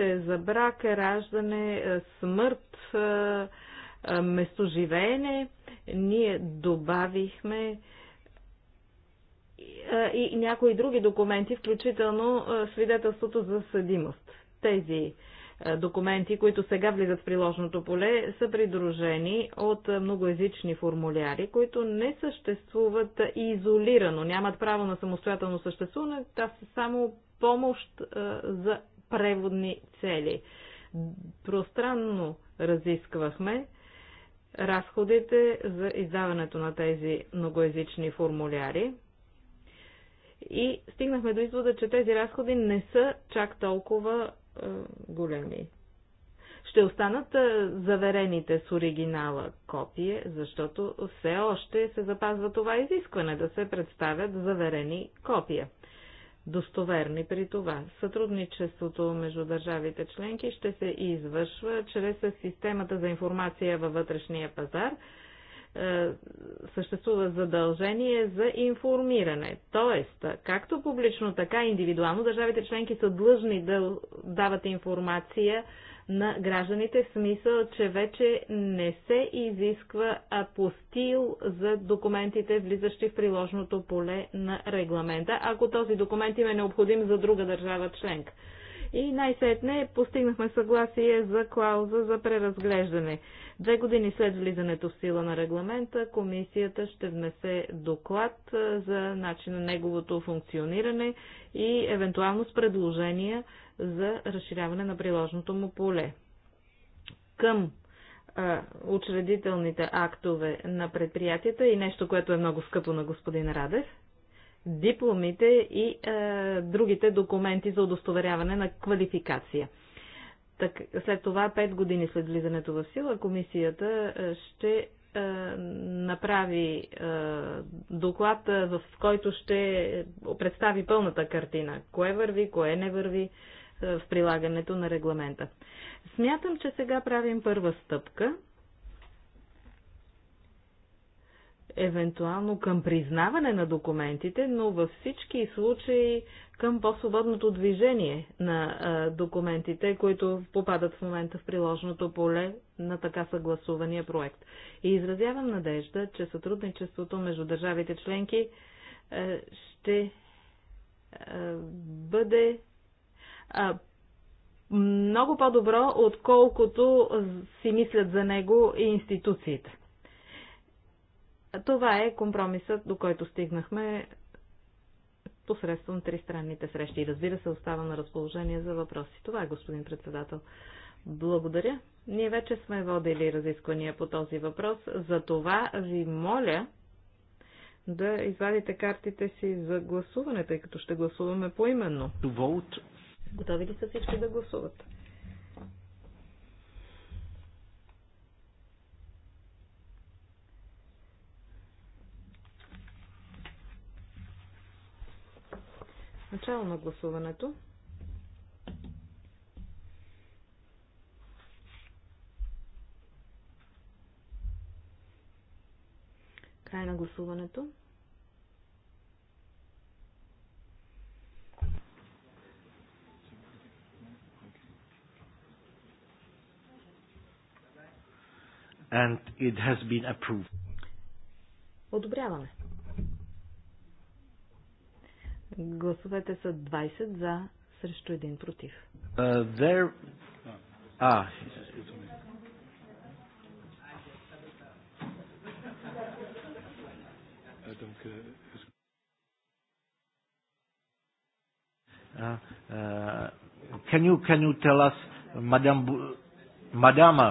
данните за брак, раждане, е, смърт, е, е, местоживеене, ние добавихме и някои други документи, включително свидетелството за съдимост. Тези документи, които сега влизат в приложното поле, са придружени от многоязични формуляри, които не съществуват изолирано, нямат право на самостоятелно съществуване, а са само помощ за преводни цели. Пространно разисквахме разходите за издаването на тези многоязични формуляри и стигнахме до извода, че тези разходи не са чак толкова е, големи. Ще останат е, заверените с оригинала копие, защото все още се запазва това изискване да се представят заверени копия достоверни при това. Сътрудничеството между държавите членки ще се извършва чрез системата за информация във вътрешния пазар. Е, съществува задължение за информиране. Тоест, както публично, така и индивидуално, държавите членки са длъжни да дават информация на гражданите в смисъл, че вече не се изисква апостил за документите, влизащи в приложното поле на регламента, ако този документ им е необходим за друга държава членка. И най-сетне постигнахме съгласие за клауза за преразглеждане. Две години след влизането в сила на регламента, комисията ще внесе доклад за начин на неговото функциониране и евентуално с предложения за разширяване на приложното му поле. Към а, учредителните актове на предприятията и нещо, което е много скъпо на господин Радев, дипломите и а, другите документи за удостоверяване на квалификация. Так, след това, 5 години след влизането в сила, комисията ще направи доклад, в който ще представи пълната картина. Кое върви, кое не върви, е, в прилагането на регламента. Смятам, че сега правим първа стъпка, евентуално към признаване на документите, но във всички случаи към по-свободното движение на а, е, документите, които попадат в момента в приложното поле на така съгласувания проект. И изразявам надежда, че сътрудничеството между държавите членки а, е, ще а, бъде много по-добро, отколкото си мислят за него и институциите. Това е компромисът, до който стигнахме посредством тристранните срещи. И разбира се, остава на разположение за въпроси. Това е, господин председател. Благодаря. Ние вече сме водили разисквания по този въпрос. За това ви моля да извадите картите си за гласуване, тъй като ще гласуваме поименно. To vote Готови ли са всички да гласуват? Начало на гласуването. Край на гласуването. and it has been approved. Одобряваме. Гласовете са 20 за, срещу един против. Uh, there... Ah. uh, uh, can you can you tell us, Madame Madama?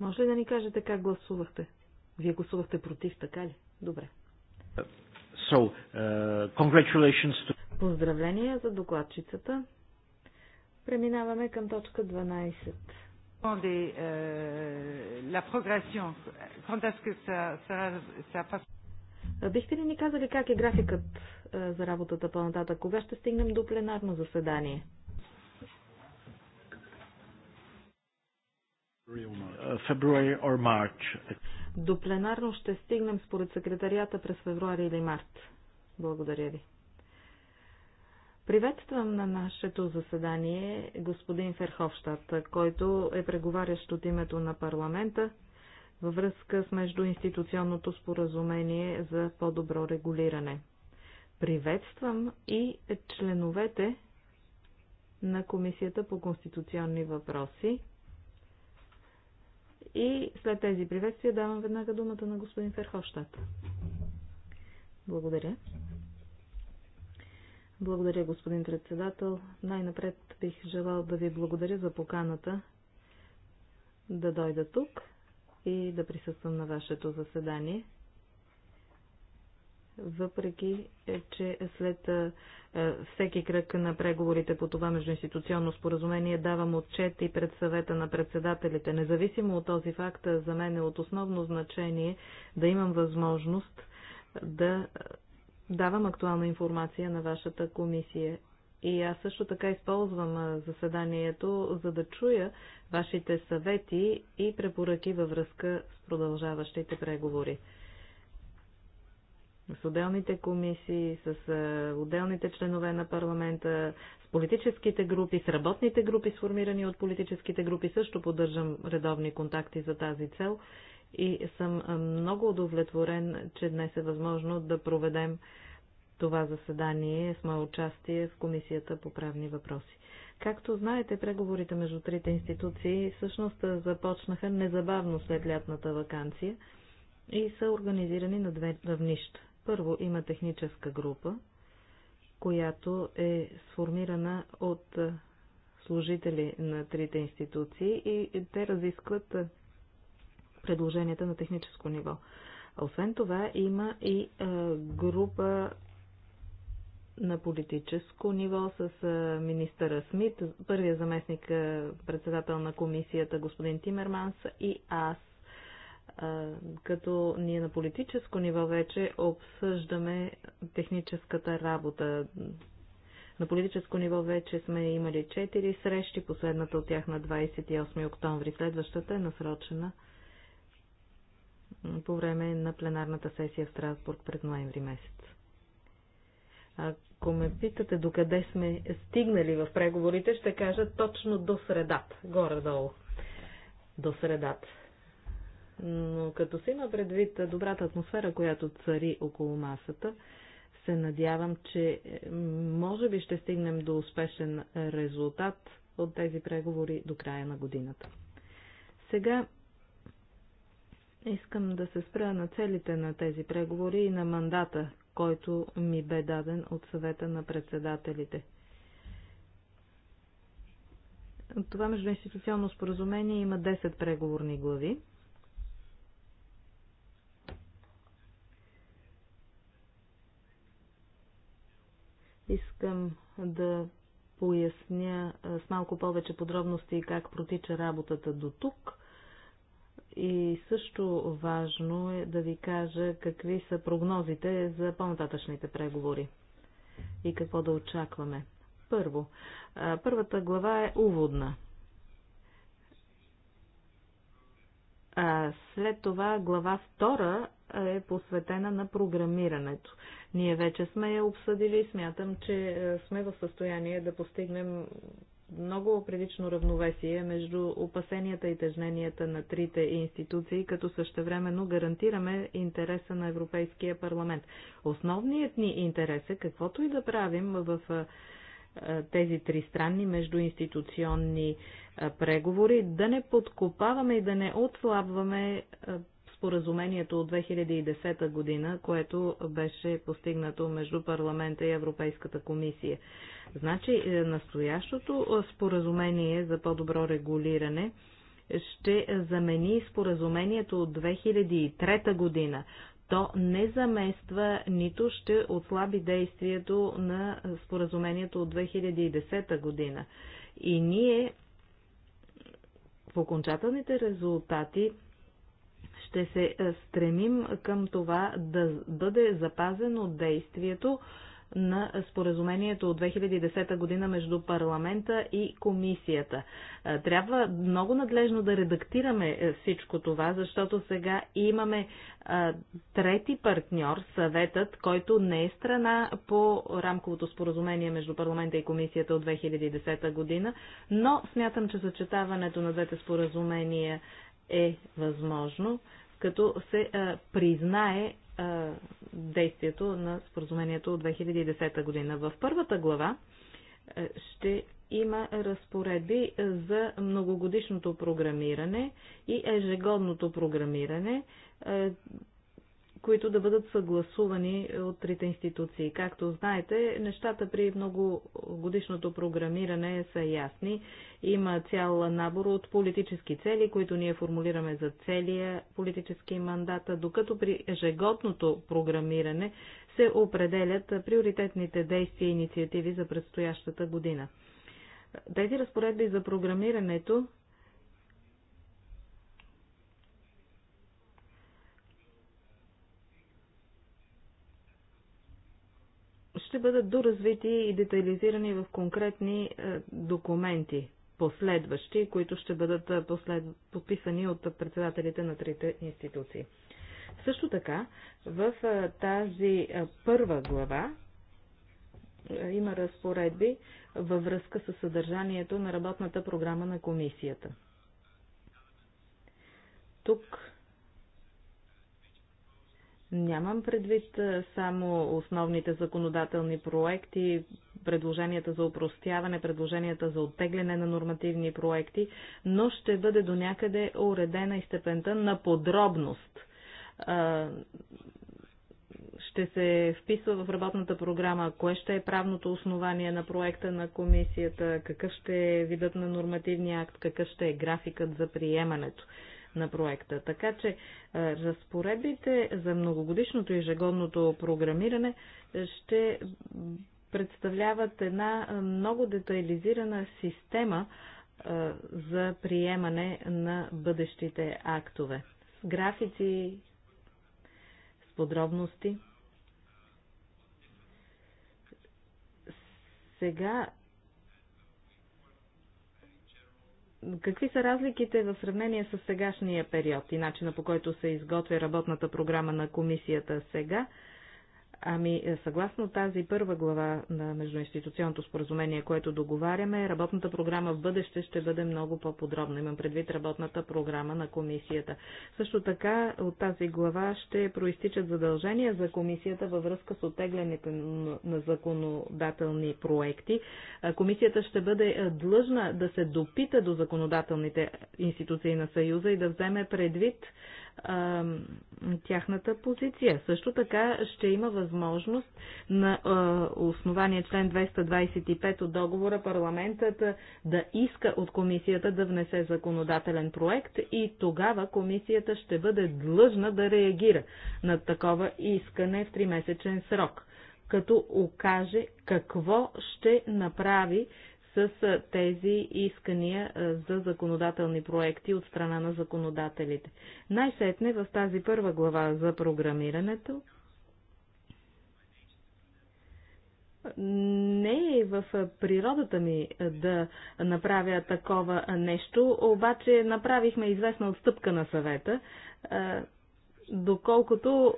Може ли да ни кажете как гласувахте? Вие гласувахте против, така ли? Добре. So, uh, congratulations to... Поздравления за докладчицата. Преминаваме към точка 12. Euh, бихте ли ни казали как е графикът за работата по-нататък? Кога ще стигнем до пленарно заседание? Uh, До пленарно ще стигнем според секретарията през февруари или март. Благодаря ви. Приветствам на нашето заседание господин Ферховщад, който е преговарящ от името на парламента във връзка с междуинституционното споразумение за по-добро регулиране. Приветствам и членовете на Комисията по конституционни въпроси, и след тези приветствия давам веднага думата на господин Ферхоштад. Благодаря. Благодаря, господин председател. Най-напред бих желал да ви благодаря за поканата да дойда тук и да присъствам на вашето заседание въпреки е, че след е, е, всеки кръг на преговорите по това междуинституционно споразумение давам отчет и пред съвета на председателите. Независимо от този факт, за мен е от основно значение да имам възможност да давам актуална информация на вашата комисия. И аз също така използвам заседанието, за да чуя вашите съвети и препоръки във връзка с продължаващите преговори с отделните комисии, с е, отделните членове на парламента, с политическите групи, с работните групи, сформирани от политическите групи. Също поддържам редовни контакти за тази цел и съм е, много удовлетворен, че днес е възможно да проведем това заседание с мое участие в Комисията по правни въпроси. Както знаете, преговорите между трите институции всъщност е, започнаха незабавно след лятната вакансия и са организирани на две равнища. Първо има техническа група, която е сформирана от служители на трите институции и те разискват предложенията на техническо ниво. Освен това има и група на политическо ниво с министъра Смит, първия заместник председател на комисията господин Тимерманс и аз като ние на политическо ниво вече обсъждаме техническата работа. На политическо ниво вече сме имали 4 срещи, последната от тях на 28 октомври. Следващата е насрочена по време на пленарната сесия в Страсбург през ноември месец. Ако ме питате докъде сме стигнали в преговорите, ще кажа точно до средата, горе-долу. До средата но като се има предвид добрата атмосфера, която цари около масата, се надявам, че е, може би ще стигнем до успешен резултат от тези преговори до края на годината. Сега искам да се спра на целите на тези преговори и на мандата, който ми бе даден от съвета на председателите. това междуинституционно споразумение има 10 преговорни глави. Искам да поясня с малко повече подробности как протича работата до тук. И също важно е да ви кажа какви са прогнозите за по-нататъчните преговори и какво да очакваме. Първо, първата глава е уводна. А след това глава втора е посветена на програмирането. Ние вече сме я обсъдили и смятам, че е, сме в състояние да постигнем много прилично равновесие между опасенията и тежненията на трите институции, като същевременно гарантираме интереса на Европейския парламент. Основният ни интерес е каквото и да правим в е, е, тези тристранни междуинституционни преговори, да не подкопаваме и да не отслабваме споразумението от 2010 година, което беше постигнато между парламента и Европейската комисия. Значи, е, настоящото е, споразумение за по-добро регулиране ще замени споразумението от 2003 година. То не замества, нито ще отслаби действието на споразумението от 2010 година. И ние в окончателните резултати ще се е, стремим към това да бъде запазено действието на споразумението от 2010 година между парламента и комисията. Е, трябва много надлежно да редактираме е, всичко това, защото сега имаме трети партньор, съветът, който не е страна по рамковото споразумение между парламента и комисията от 2010 година, но смятам, че съчетаването на двете споразумения е възможно, като се признае действието на споразумението от 2010 година. В първата глава ще има разпоредби за многогодишното програмиране и ежегодното програмиране които да бъдат съгласувани от трите институции. Както знаете, нещата при многогодишното програмиране са ясни. Има цял набор от политически цели, които ние формулираме за целия политически мандат, докато при ежегодното програмиране се определят приоритетните действия и инициативи за предстоящата година. Тези разпоредби за програмирането ще бъдат доразвити и детализирани в конкретни е, документи, последващи, които ще бъдат е, послед... подписани от председателите на трите институции. Също така, в е, тази първа глава има разпоредби във връзка с съдържанието на работната програма на комисията. Тук Нямам предвид само основните законодателни проекти, предложенията за упростяване, предложенията за оттегляне на нормативни проекти, но ще бъде до някъде уредена и степента на подробност. Ще се вписва в работната програма кое ще е правното основание на проекта на комисията, какъв ще е видът на нормативния акт, какъв ще е графикът за приемането на проекта. Така че разпоредбите за многогодишното и ежегодното програмиране ще представляват една много детайлизирана система за приемане на бъдещите актове. С графици, с подробности. Сега Какви са разликите в сравнение с сегашния период и начина по който се изготвя работната програма на комисията сега Ами, съгласно тази първа глава на междуинституционното споразумение, което договаряме, работната програма в бъдеще ще бъде много по-подробна. Имам предвид работната програма на комисията. Също така от тази глава ще проистичат задължения за комисията във връзка с отеглянето на законодателни проекти. Комисията ще бъде длъжна да се допита до законодателните институции на Съюза и да вземе предвид а, тяхната позиция. Също така ще има възможност на а, основание член 225 от договора парламентът да иска от комисията да внесе законодателен проект и тогава комисията ще бъде длъжна да реагира на такова искане в тримесечен срок като окаже какво ще направи с тези искания за законодателни проекти от страна на законодателите. Най-сетне в тази първа глава за програмирането не е в природата ми да направя такова нещо, обаче направихме известна отстъпка на съвета, доколкото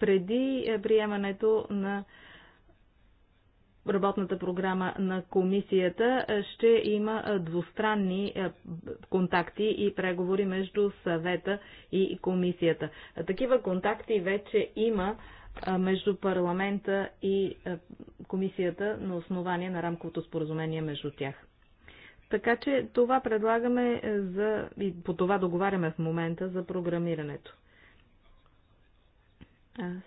преди приемането на работната програма на комисията е, ще има е, двустранни е, контакти и преговори между съвета и комисията. Такива контакти вече има между парламента и комисията на основание на рамковото споразумение между тях. Така че това предлагаме за, и по това договаряме в момента за програмирането. Аз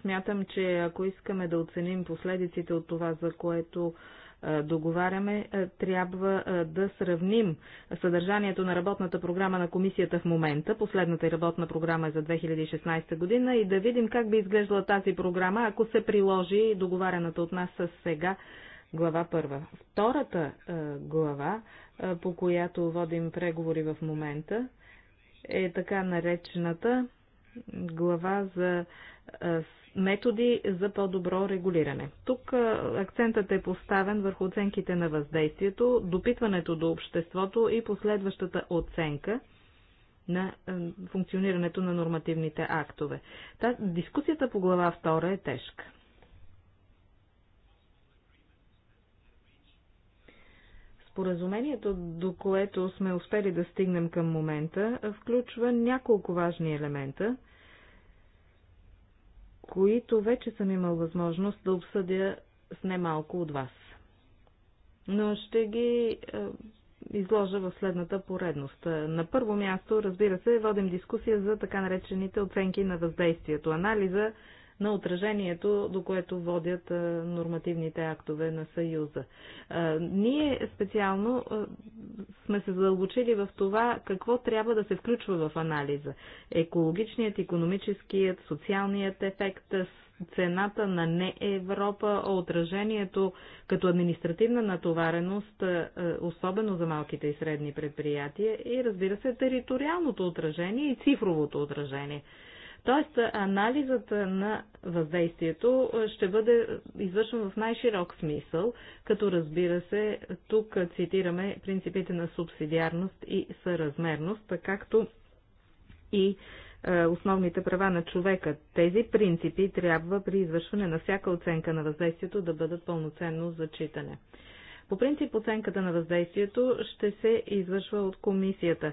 Смятам, че ако искаме да оценим последиците от това, за което договаряме, трябва да сравним съдържанието на работната програма на комисията в момента, последната и работна програма е за 2016 година, и да видим как би изглеждала тази програма, ако се приложи договарената от нас с сега глава първа. Втората глава, по която водим преговори в момента, е така наречената глава за методи за по-добро регулиране. Тук акцентът е поставен върху оценките на въздействието, допитването до обществото и последващата оценка на функционирането на нормативните актове. Та, дискусията по глава 2 е тежка. Споразумението, до което сме успели да стигнем към момента, включва няколко важни елемента, които вече съм имал възможност да обсъдя с немалко от вас. Но ще ги е, изложа в следната поредност. На първо място, разбира се, водим дискусия за така наречените оценки на въздействието. Анализа на отражението, до което водят нормативните актове на Съюза. Ние специално сме се задълбочили в това какво трябва да се включва в анализа. Екологичният, економическият, социалният ефект, цената на не Европа, а отражението като административна натовареност, особено за малките и средни предприятия и разбира се териториалното отражение и цифровото отражение. Тоест, анализът на въздействието ще бъде извършен в най-широк смисъл, като разбира се, тук цитираме принципите на субсидиарност и съразмерност, както и основните права на човека. Тези принципи трябва при извършване на всяка оценка на въздействието да бъдат пълноценно зачитане. По принцип оценката на въздействието ще се извършва от комисията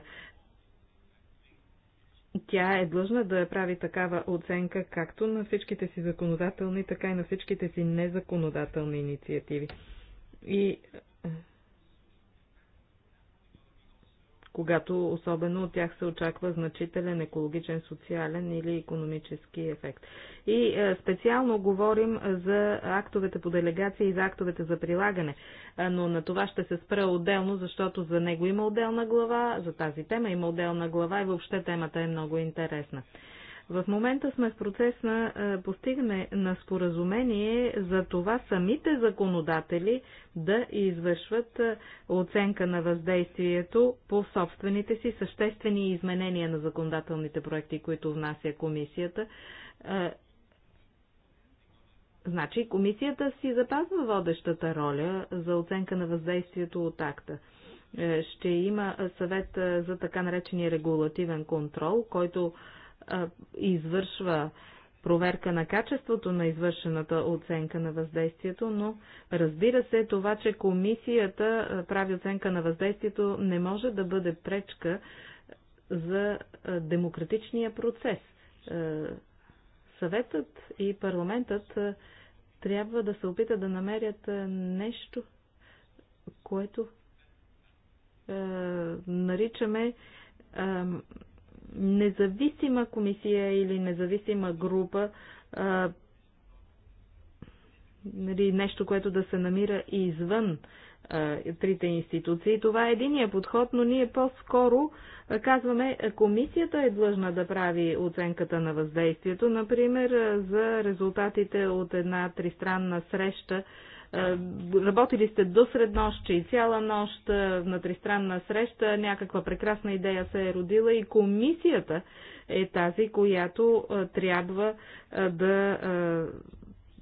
тя е длъжна да прави такава оценка както на всичките си законодателни, така и на всичките си незаконодателни инициативи. И когато особено от тях се очаква значителен екологичен, социален или економически ефект. И е, специално говорим за актовете по делегация и за актовете за прилагане, е, но на това ще се спра отделно, защото за него има отделна глава, за тази тема има отделна глава и въобще темата е много интересна. В момента сме в процес на е, постигане на споразумение за това самите законодатели да извършват е, оценка на въздействието по собствените си съществени изменения на законодателните проекти, които внася комисията. Е, значи комисията си запазва водещата роля за оценка на въздействието от акта ще има съвет за така наречения регулативен контрол, който извършва проверка на качеството на извършената оценка на въздействието, но разбира се това, че комисията прави оценка на въздействието не може да бъде пречка за демократичния процес. Съветът и парламентът трябва да се опита да намерят нещо, което наричаме независима комисия или независима група а, нали, нещо, което да се намира и извън а, трите институции. Това е единия подход, но ние по-скоро казваме, комисията е длъжна да прави оценката на въздействието, например за резултатите от една тристранна среща е, работили сте до среднощ и цяла нощ е, на тристранна среща, някаква прекрасна идея се е родила и комисията е тази, която е, трябва да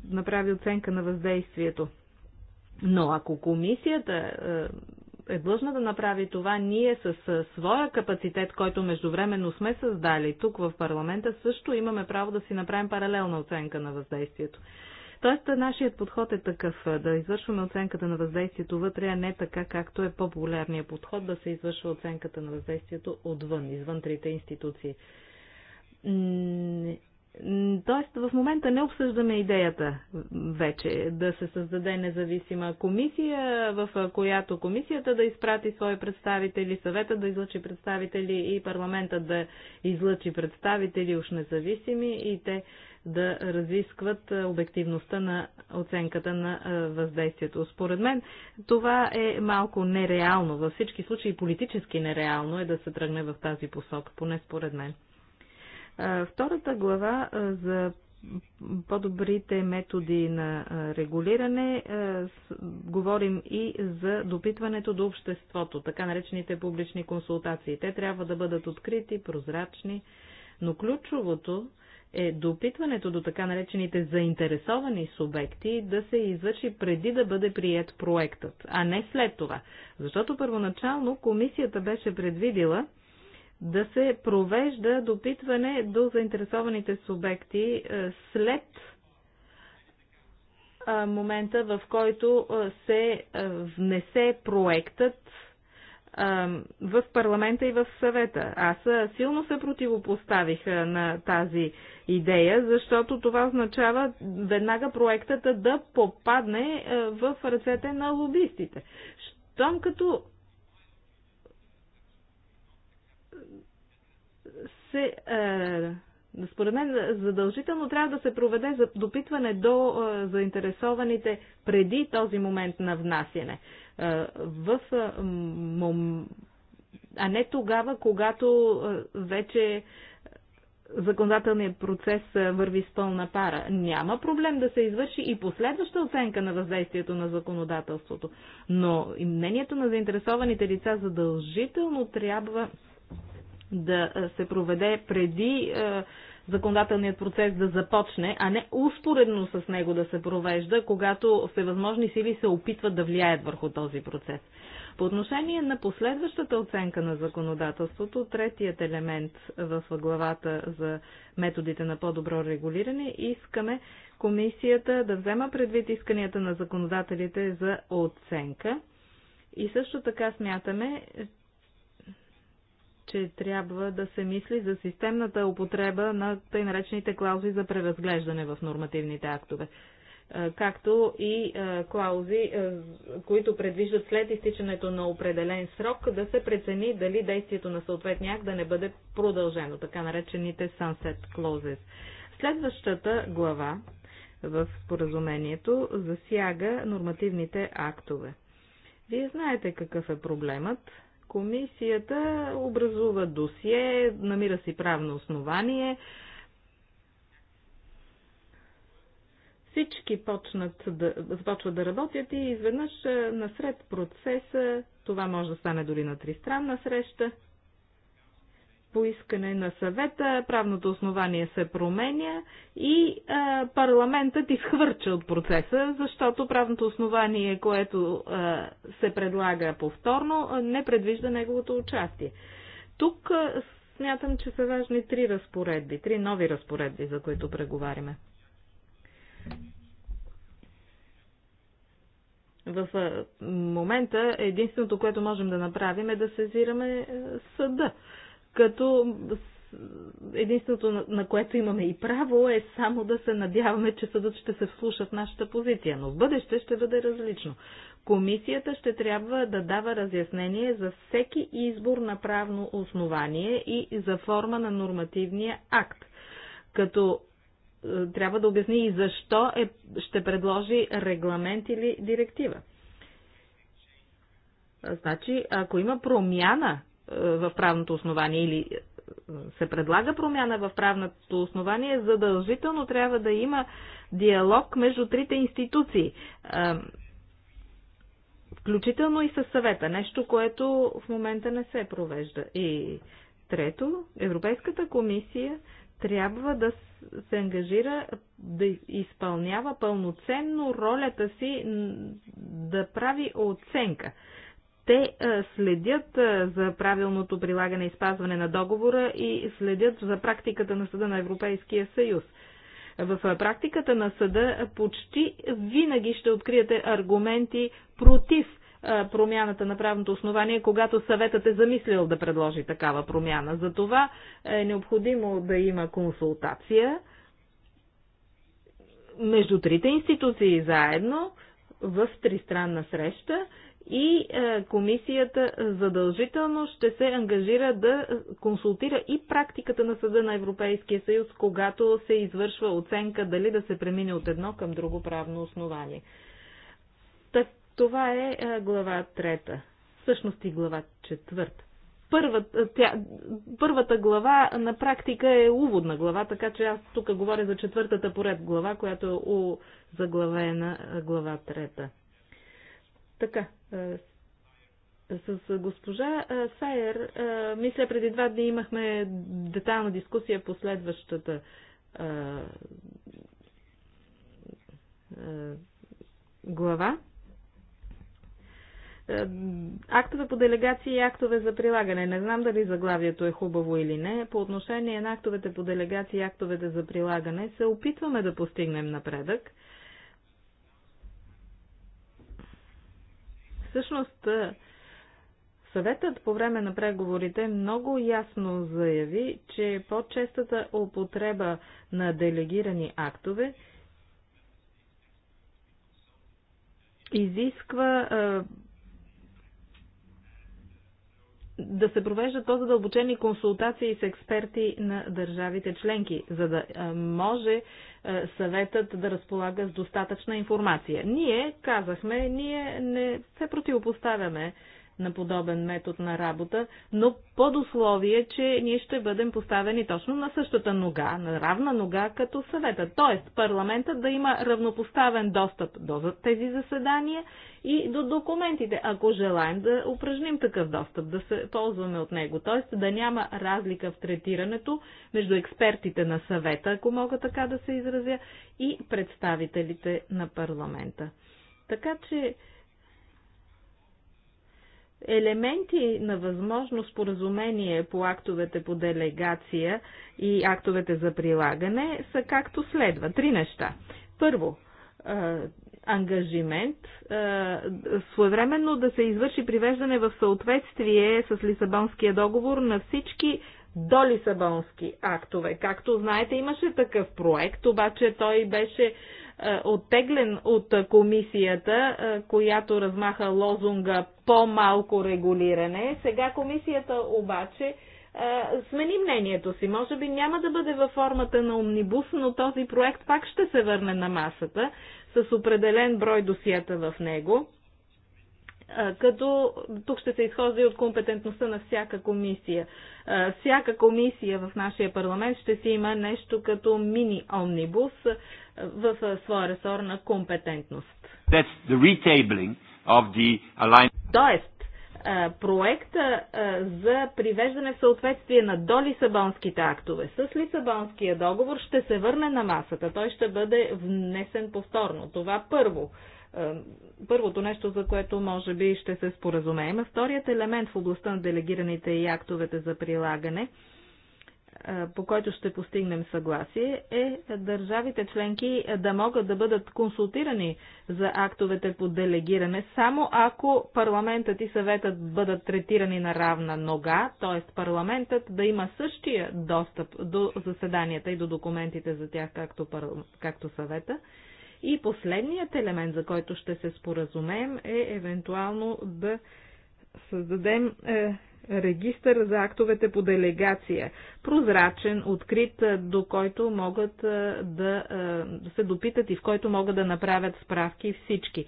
направи оценка на въздействието. Но ако комисията е длъжна да направи това, ние с своя капацитет, който междувременно сме създали тук в парламента, също имаме право да си направим паралелна оценка на въздействието. Тоест, нашият подход е такъв, да извършваме оценката на въздействието вътре, а не така, както е популярният подход, да се извършва оценката на въздействието отвън, извън трите институции. Тоест, в момента не обсъждаме идеята вече да се създаде независима комисия, в която комисията да изпрати свои представители, съвета да излъчи представители и парламента да излъчи представители, уж независими, и те да разискват обективността на оценката на въздействието. Според мен това е малко нереално. Във всички случаи политически нереално е да се тръгне в тази посока, поне според мен. Втората глава за по-добрите методи на регулиране, говорим и за допитването до обществото, така наречените публични консултации. Те трябва да бъдат открити, прозрачни, но ключовото е допитването до така наречените заинтересовани субекти да се извърши преди да бъде прият проектът, а не след това. Защото първоначално комисията беше предвидила да се провежда допитване до заинтересованите субекти е, след е, момента, в който е, се внесе проектът в парламента и в съвета. Аз силно се противопоставих на тази идея, защото това означава веднага проектът да попадне в ръцете на лобистите. Щом като се е, според мен задължително трябва да се проведе за допитване до е, заинтересованите преди този момент на внасяне. Е, в мом... А не тогава, когато вече законодателният процес върви с пълна пара. Няма проблем да се извърши и последваща оценка на въздействието на законодателството. Но мнението на заинтересованите лица задължително трябва да се проведе преди законодателният процес да започне, а не успоредно с него да се провежда, когато всевъзможни сили се опитват да влияят върху този процес. По отношение на последващата оценка на законодателството, третият елемент в главата за методите на по-добро регулиране, искаме комисията да взема предвид исканията на законодателите за оценка. И също така смятаме, че трябва да се мисли за системната употреба на тъй наречените клаузи за преразглеждане в нормативните актове както и клаузи, които предвиждат след изтичането на определен срок да се прецени дали действието на съответния акт да не бъде продължено, така наречените sunset clauses. Следващата глава в споразумението засяга нормативните актове. Вие знаете какъв е проблемът. Комисията образува досие, намира си правно основание. Всички почнат да, започват да работят и изведнъж насред процеса, това може да стане дори на тристранна среща, по искане на съвета, правното основание се променя и а, парламентът изхвърча от процеса, защото правното основание, което а, се предлага повторно, не предвижда неговото участие. Тук а, смятам, че са важни три разпоредби, три нови разпоредби, за които преговаряме. В момента единственото, което можем да направим е да сезираме съда като единственото, на което имаме и право, е само да се надяваме, че съдът ще се вслуша в нашата позиция, но в бъдеще ще бъде различно. Комисията ще трябва да дава разяснение за всеки избор на правно основание и за форма на нормативния акт, като е, трябва да обясни и защо е, ще предложи регламент или директива. Значи, ако има промяна в правното основание или е, се предлага промяна в правното основание, задължително трябва да има диалог между трите институции, е, включително и със съвета, нещо, което в момента не се провежда. И трето, Европейската комисия трябва да се ангажира да изпълнява пълноценно ролята си да прави оценка те е, следят е, за правилното прилагане и спазване на договора и следят за практиката на Съда на Европейския съюз. В е, практиката на съда почти винаги ще откриете аргументи против промяната на правното основание, когато съветът е замислил да предложи такава промяна. За това е необходимо да има консултация между трите институции заедно в тристранна среща и е, комисията задължително ще се ангажира да консултира и практиката на Съда на Европейския съюз, когато се извършва оценка дали да се премине от едно към друго правно основание. Так, това е, е глава трета. Всъщност и глава четвърта. Първата, е, тя, първата глава на практика е уводна глава, така че аз тук говоря за четвъртата поред глава, която е заглавена глава трета. Така, с госпожа Сайер, мисля, преди два дни имахме детална дискусия по следващата глава. Актове по делегации и актове за прилагане. Не знам дали заглавието е хубаво или не. По отношение на актовете по делегации и актовете за прилагане се опитваме да постигнем напредък. Всъщност, съветът по време на преговорите много ясно заяви, че по-честата употреба на делегирани актове изисква да се провеждат по-задълбочени консултации с експерти на държавите членки, за да може е, съветът да разполага с достатъчна информация. Ние казахме, ние не се противопоставяме на подобен метод на работа, но под условие, че ние ще бъдем поставени точно на същата нога, на равна нога като съвета. Тоест парламента да има равнопоставен достъп до тези заседания и до документите, ако желаем да упражним такъв достъп, да се ползваме от него. Тоест да няма разлика в третирането между експертите на съвета, ако мога така да се изразя, и представителите на парламента. Така че елементи на възможно споразумение по актовете по делегация и актовете за прилагане са както следва. Три неща. Първо, ангажимент своевременно да се извърши привеждане в съответствие с Лисабонския договор на всички до Лисабонски актове. Както знаете, имаше такъв проект, обаче той беше е, оттеглен от комисията, е, която размаха лозунга по-малко регулиране. Сега комисията обаче е, смени мнението си. Може би няма да бъде във формата на омнибус, но този проект пак ще се върне на масата с определен брой досията в него. Като тук ще се изхожда от компетентността на всяка комисия. Всяка комисия в нашия парламент ще си има нещо като мини-омнибус, в своя ресор на компетентност. Тоест, проекта за привеждане в съответствие на долисабонските актове с Лисабонския договор ще се върне на масата. Той ще бъде внесен повторно. Това първо. Първото нещо, за което може би ще се споразумеем. Вторият елемент в областта на делегираните и актовете за прилагане – по който ще постигнем съгласие, е държавите членки да могат да бъдат консултирани за актовете по делегиране, само ако парламентът и съветът бъдат третирани на равна нога, т.е. парламентът да има същия достъп до заседанията и до документите за тях, както, пар... както съвета. И последният елемент, за който ще се споразумеем, е евентуално да създадем е, регистър за актовете по делегация, прозрачен, открит, до който могат да се допитат и в който могат да направят справки всички.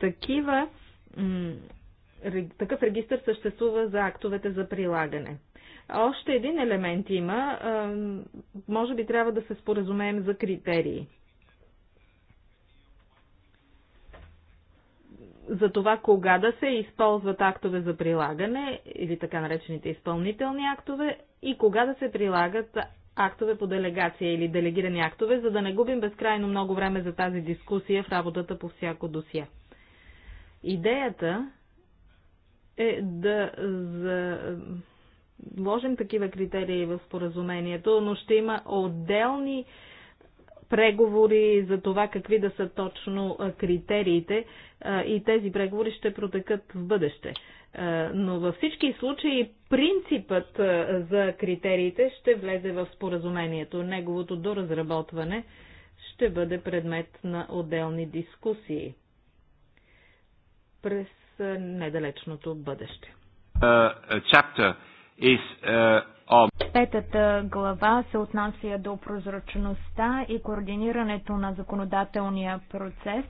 Такива, такъв регистър съществува за актовете за прилагане. Още един елемент има, може би трябва да се споразумеем за критерии. за това кога да се използват актове за прилагане или така наречените изпълнителни актове и кога да се прилагат актове по делегация или делегирани актове, за да не губим безкрайно много време за тази дискусия в работата по всяко досия. Идеята е да заложим такива критерии в споразумението, но ще има отделни преговори за това какви да са точно критериите и тези преговори ще протекат в бъдеще. Но във всички случаи принципът за критериите ще влезе в споразумението. Неговото доразработване ще бъде предмет на отделни дискусии през недалечното бъдеще. Uh, is uh, Петата глава се отнася до прозрачността и координирането на законодателния процес.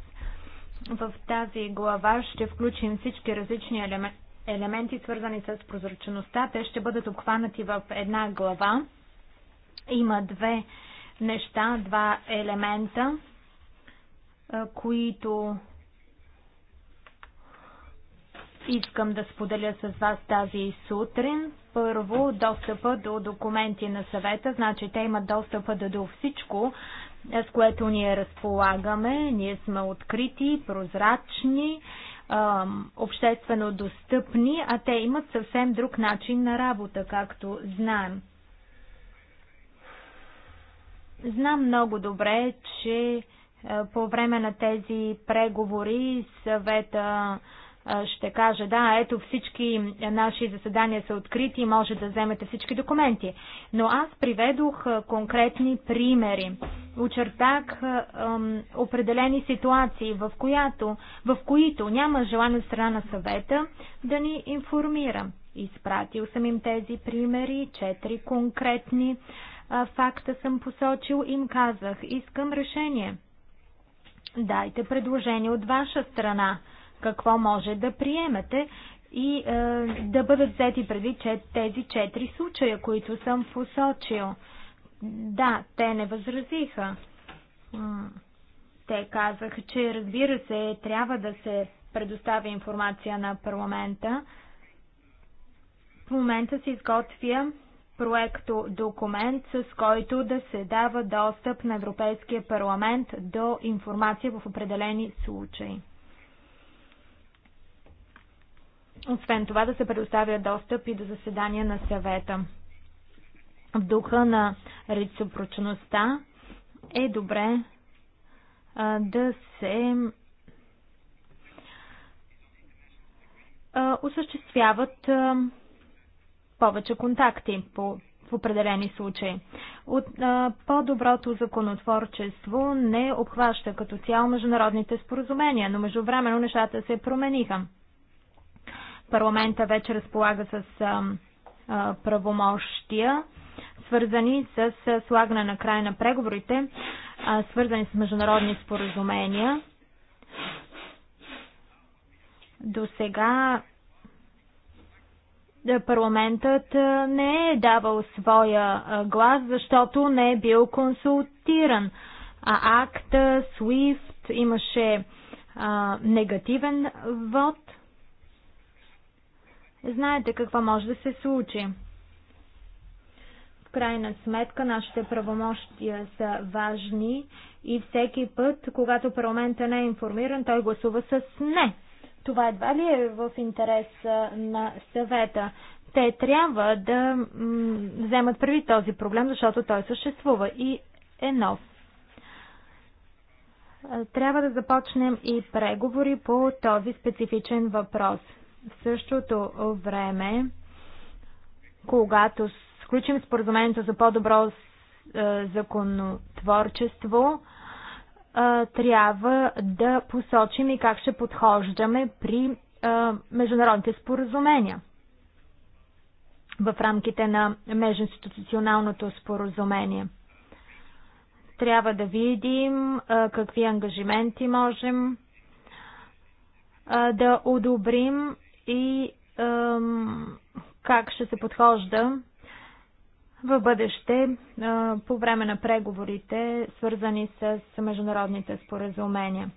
В тази глава ще включим всички различни елементи елементи, свързани с прозрачността. Те ще бъдат обхванати в една глава. Има две неща, два елемента, които искам да споделя с вас тази сутрин. Първо, достъпа до документи на съвета, значи те имат достъпа да до всичко, с което ние разполагаме. Ние сме открити, прозрачни, обществено достъпни, а те имат съвсем друг начин на работа, както знаем. Знам много добре, че по време на тези преговори съвета ще каже, да, ето всички наши заседания са открити, може да вземете всички документи. Но аз приведох конкретни примери. Очертах определени ситуации, в, която, в които няма желание от страна на съвета да ни информира. Изпратил съм им тези примери, четири конкретни факта съм посочил, им казах, искам решение. Дайте предложение от ваша страна какво може да приемете и е, да бъдат взети преди че, тези четири случая, които съм посочил. Да, те не възразиха. Те казаха, че разбира се, трябва да се предоставя информация на парламента. В момента се изготвя проекто документ, с който да се дава достъп на Европейския парламент до информация в определени случаи. Освен това да се предоставя достъп и до заседания на съвета. В духа на реципрочността е добре а, да се а, осъществяват а, повече контакти по в определени случаи. От по-доброто законотворчество не обхваща като цяло международните споразумения, но междувременно нещата се промениха. Парламента вече разполага с правомощия, свързани с слагане на край на преговорите, свързани с международни споразумения. До сега парламентът не е давал своя глас, защото не е бил консултиран. А акта, SWIFT имаше а, негативен вод – Знаете какво може да се случи. В крайна сметка нашите правомощия са важни и всеки път, когато парламента не е информиран, той гласува с не. Това едва ли е в интерес на съвета. Те трябва да вземат първи този проблем, защото той съществува и е нов. Трябва да започнем и преговори по този специфичен въпрос. В същото време, когато сключим споразумението за по-добро е, законотворчество, е, трябва да посочим и как ще подхождаме при е, международните споразумения в рамките на междуинституционалното споразумение. Трябва да видим какви ангажименти можем да одобрим и ем, как ще се подхожда в бъдеще е, по време на преговорите, свързани с международните споразумения.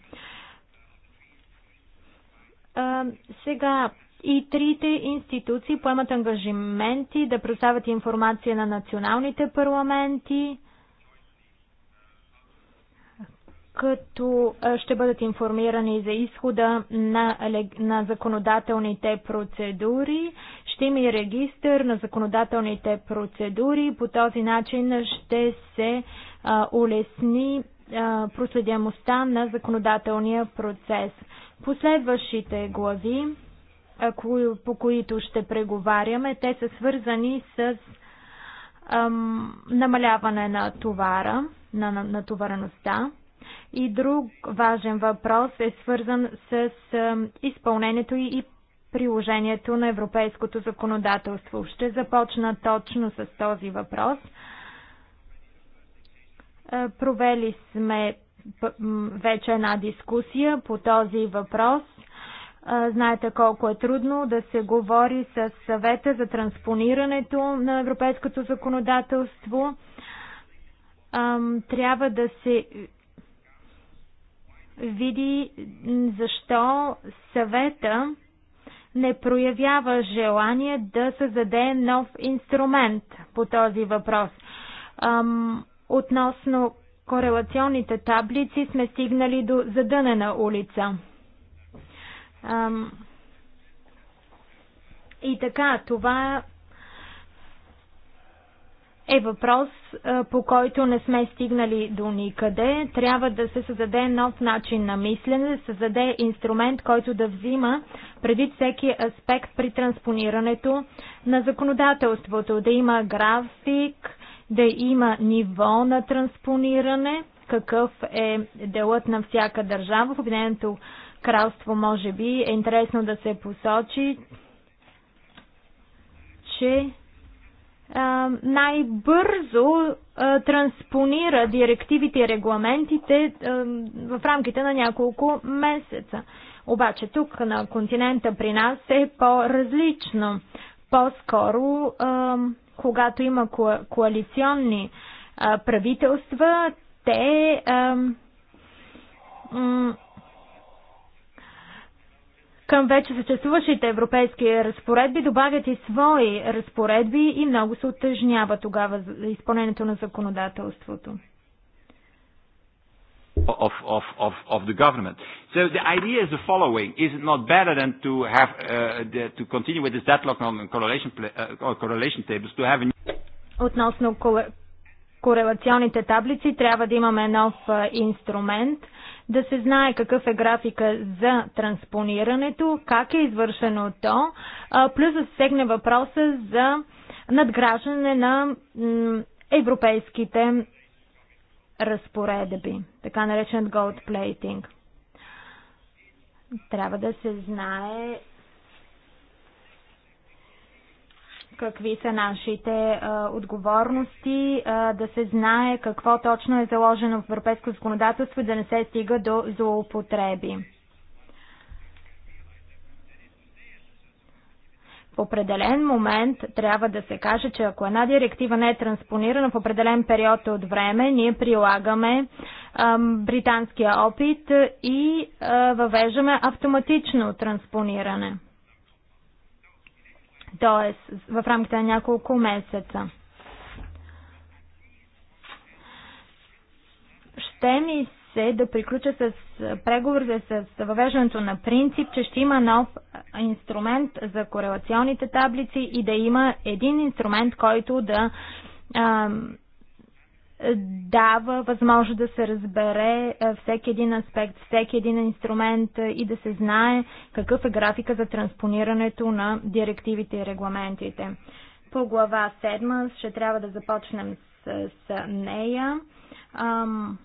Е, сега и трите институции поемат ангажименти да представят информация на националните парламенти като ще бъдат информирани за изхода на, на законодателните процедури. Ще има и регистър на законодателните процедури. По този начин ще се а, улесни а, проследямостта на законодателния процес. Последващите глави, а, кои, по които ще преговаряме, те са свързани с ам, намаляване на товара, на натовареността. На и друг важен въпрос е свързан с изпълнението и приложението на европейското законодателство. Ще започна точно с този въпрос. Провели сме вече една дискусия по този въпрос. Знаете колко е трудно да се говори с съвета за транспонирането на европейското законодателство. Трябва да се види защо съвета не проявява желание да създаде нов инструмент по този въпрос. Ам, относно корелационните таблици сме стигнали до задънена улица. Ам, и така, това е въпрос, по който не сме стигнали до никъде. Трябва да се създаде нов начин на мислене, да се създаде инструмент, който да взима преди всеки аспект при транспонирането на законодателството. Да има график, да има ниво на транспониране, какъв е делът на всяка държава. В Обединеното кралство, може би, е интересно да се посочи, че най-бързо транспонира директивите и регламентите в рамките на няколко месеца. Обаче тук на континента при нас е по-различно. По-скоро, когато има коалиционни правителства, те към вече съществуващите европейски разпоредби, добавят и свои разпоредби и много се отъжнява тогава за изпълнението на законодателството. Of, of, of, of the government. So the idea is the following: Is it not better than to have uh, the, to continue with this deadlock on correlation uh, correlation tables to have a Относно корелационните таблици, трябва да имаме нов инструмент – да се знае какъв е графика за транспонирането, как е извършено то, плюс да се сегне въпроса за надграждане на европейските разпоредби, така наречен gold plating. Трябва да се знае какви са нашите а, отговорности, а, да се знае какво точно е заложено в европейско законодателство и да не се стига до злоупотреби. В определен момент трябва да се каже, че ако една директива не е транспонирана в определен период от време, ние прилагаме а, британския опит и а, въвеждаме автоматично транспониране т.е. в рамките на няколко месеца. Ще ми се да приключа с преговорите с въвеждането на принцип, че ще има нов инструмент за корелационните таблици и да има един инструмент, който да е, дава възможност да се разбере е, всеки един аспект, всеки един инструмент е, и да се знае какъв е графика за транспонирането на директивите и регламентите. По глава 7 ще трябва да започнем с, с нея. Ам,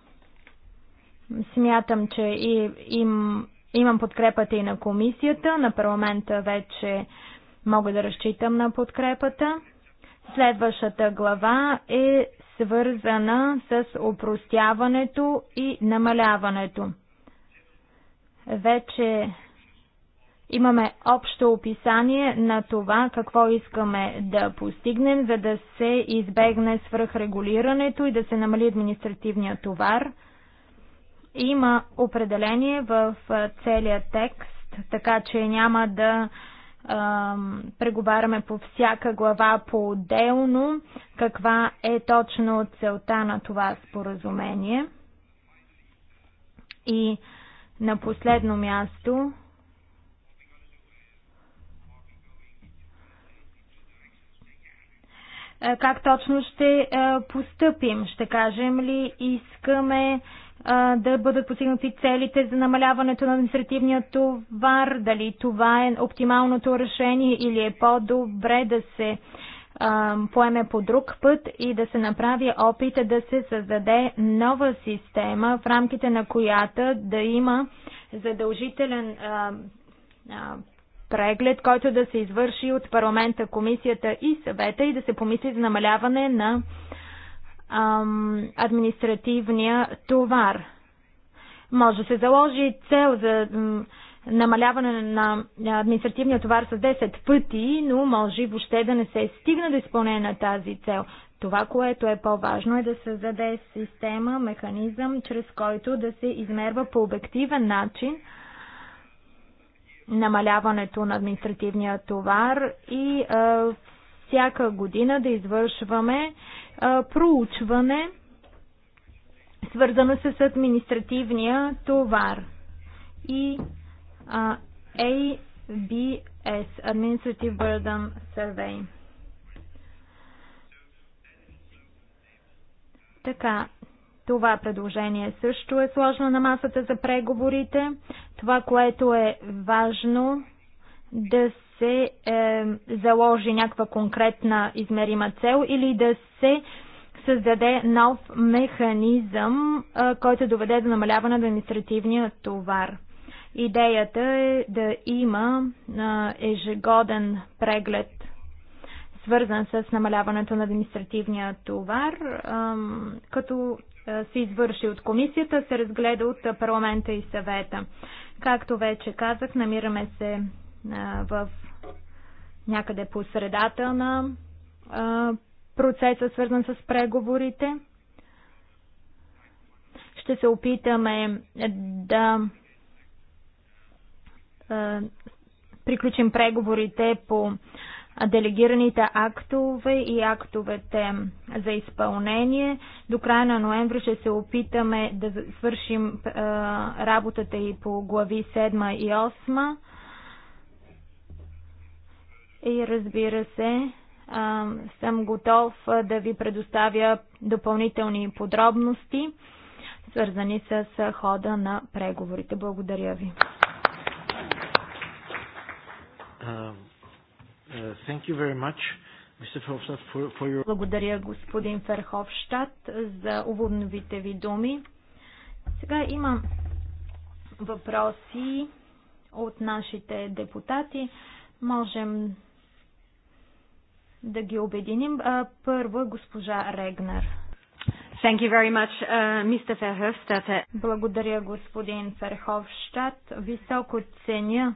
смятам, че и, им, имам подкрепата и на комисията, на парламента вече мога да разчитам на подкрепата. Следващата глава е свързана с опростяването и намаляването. Вече имаме общо описание на това какво искаме да постигнем, за да се избегне свръхрегулирането и да се намали административния товар. Има определение в целия текст, така че няма да преговаряме по всяка глава по-отделно, каква е точно целта на това споразумение. И на последно място е, как точно ще е, постъпим? Ще кажем ли искаме да бъдат постигнати целите за намаляването на административния товар, дали това е оптималното решение или е по-добре да се поеме по друг път и да се направи опит да се създаде нова система, в рамките на която да има задължителен а, а, преглед, който да се извърши от парламента, комисията и съвета и да се помисли за намаляване на административния товар. Може да се заложи цел за намаляване на административния товар с 10 пъти, но може и въобще да не се стигне до изпълнение на тази цел. Това, което е по-важно е да се създаде система, механизъм, чрез който да се измерва по обективен начин намаляването на административния товар и всяка година да извършваме а, проучване, свързано с административния товар и а, ABS, Administrative Burden Survey. Така, това предложение също е сложно на масата за преговорите. Това, което е важно да се е, заложи някаква конкретна измерима цел или да се създаде нов механизъм, е, който доведе до намаляване на административния товар. Идеята е да има е, ежегоден преглед, свързан с намаляването на административния товар, е, като е, се извърши от комисията, се разгледа от парламента и съвета. Както вече казах, намираме се е, в някъде по средата на а, процеса, свързан с преговорите. Ще се опитаме да а, приключим преговорите по делегираните актове и актовете за изпълнение. До края на ноември ще се опитаме да свършим а, работата и по глави 7 и 8. И разбира се, съм готов да ви предоставя допълнителни подробности, свързани с хода на преговорите. Благодаря ви. Um, uh, Благодаря, господин Ферховщад, за уводновите ви думи. Сега имам въпроси от нашите депутати. Можем да ги обединим. Първо госпожа Регнар. Thank you very much, uh, Mr. Благодаря, господин Ферховщад. Високо ценя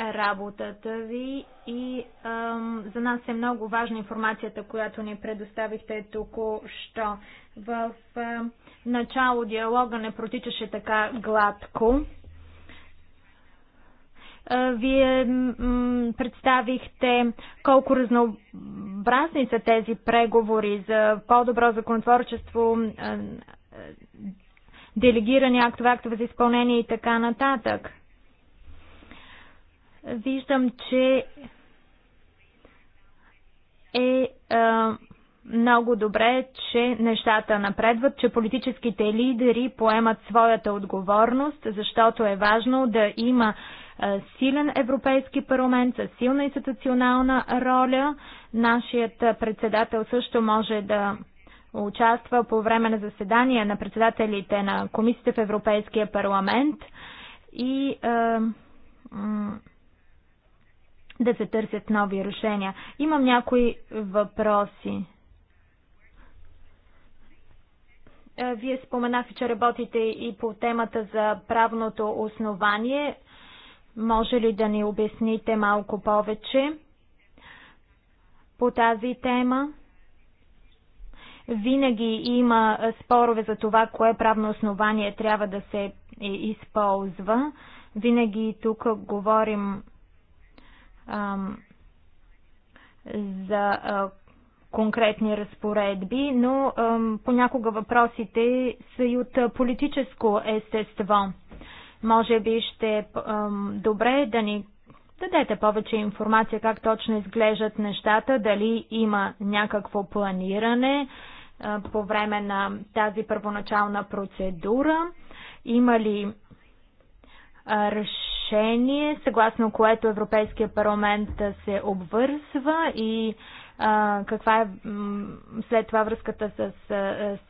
работата ви и ам, за нас е много важна информацията, която ни предоставихте току-що. В ам, начало диалога не протичаше така гладко. Вие представихте колко разнообразни са тези преговори за по-добро законотворчество, делегирани актове, актове за изпълнение и така нататък. Виждам, че е много добре, че нещата напредват, че политическите лидери поемат своята отговорност, защото е важно да има силен Европейски парламент с силна институционална роля. Нашият председател също може да участва по време на заседания на председателите на Комисията в Европейския парламент и е, да се търсят нови решения. Имам някои въпроси. Вие споменахте, че работите и по темата за правното основание. Може ли да ни обясните малко повече по тази тема? Винаги има спорове за това, кое правно основание трябва да се използва. Винаги тук говорим ам, за а, конкретни разпоредби, но ам, понякога въпросите са и от политическо естество. Може би ще е добре да ни дадете повече информация как точно изглеждат нещата, дали има някакво планиране по време на тази първоначална процедура, има ли решение, съгласно което Европейския парламент се обвързва и каква е след това връзката с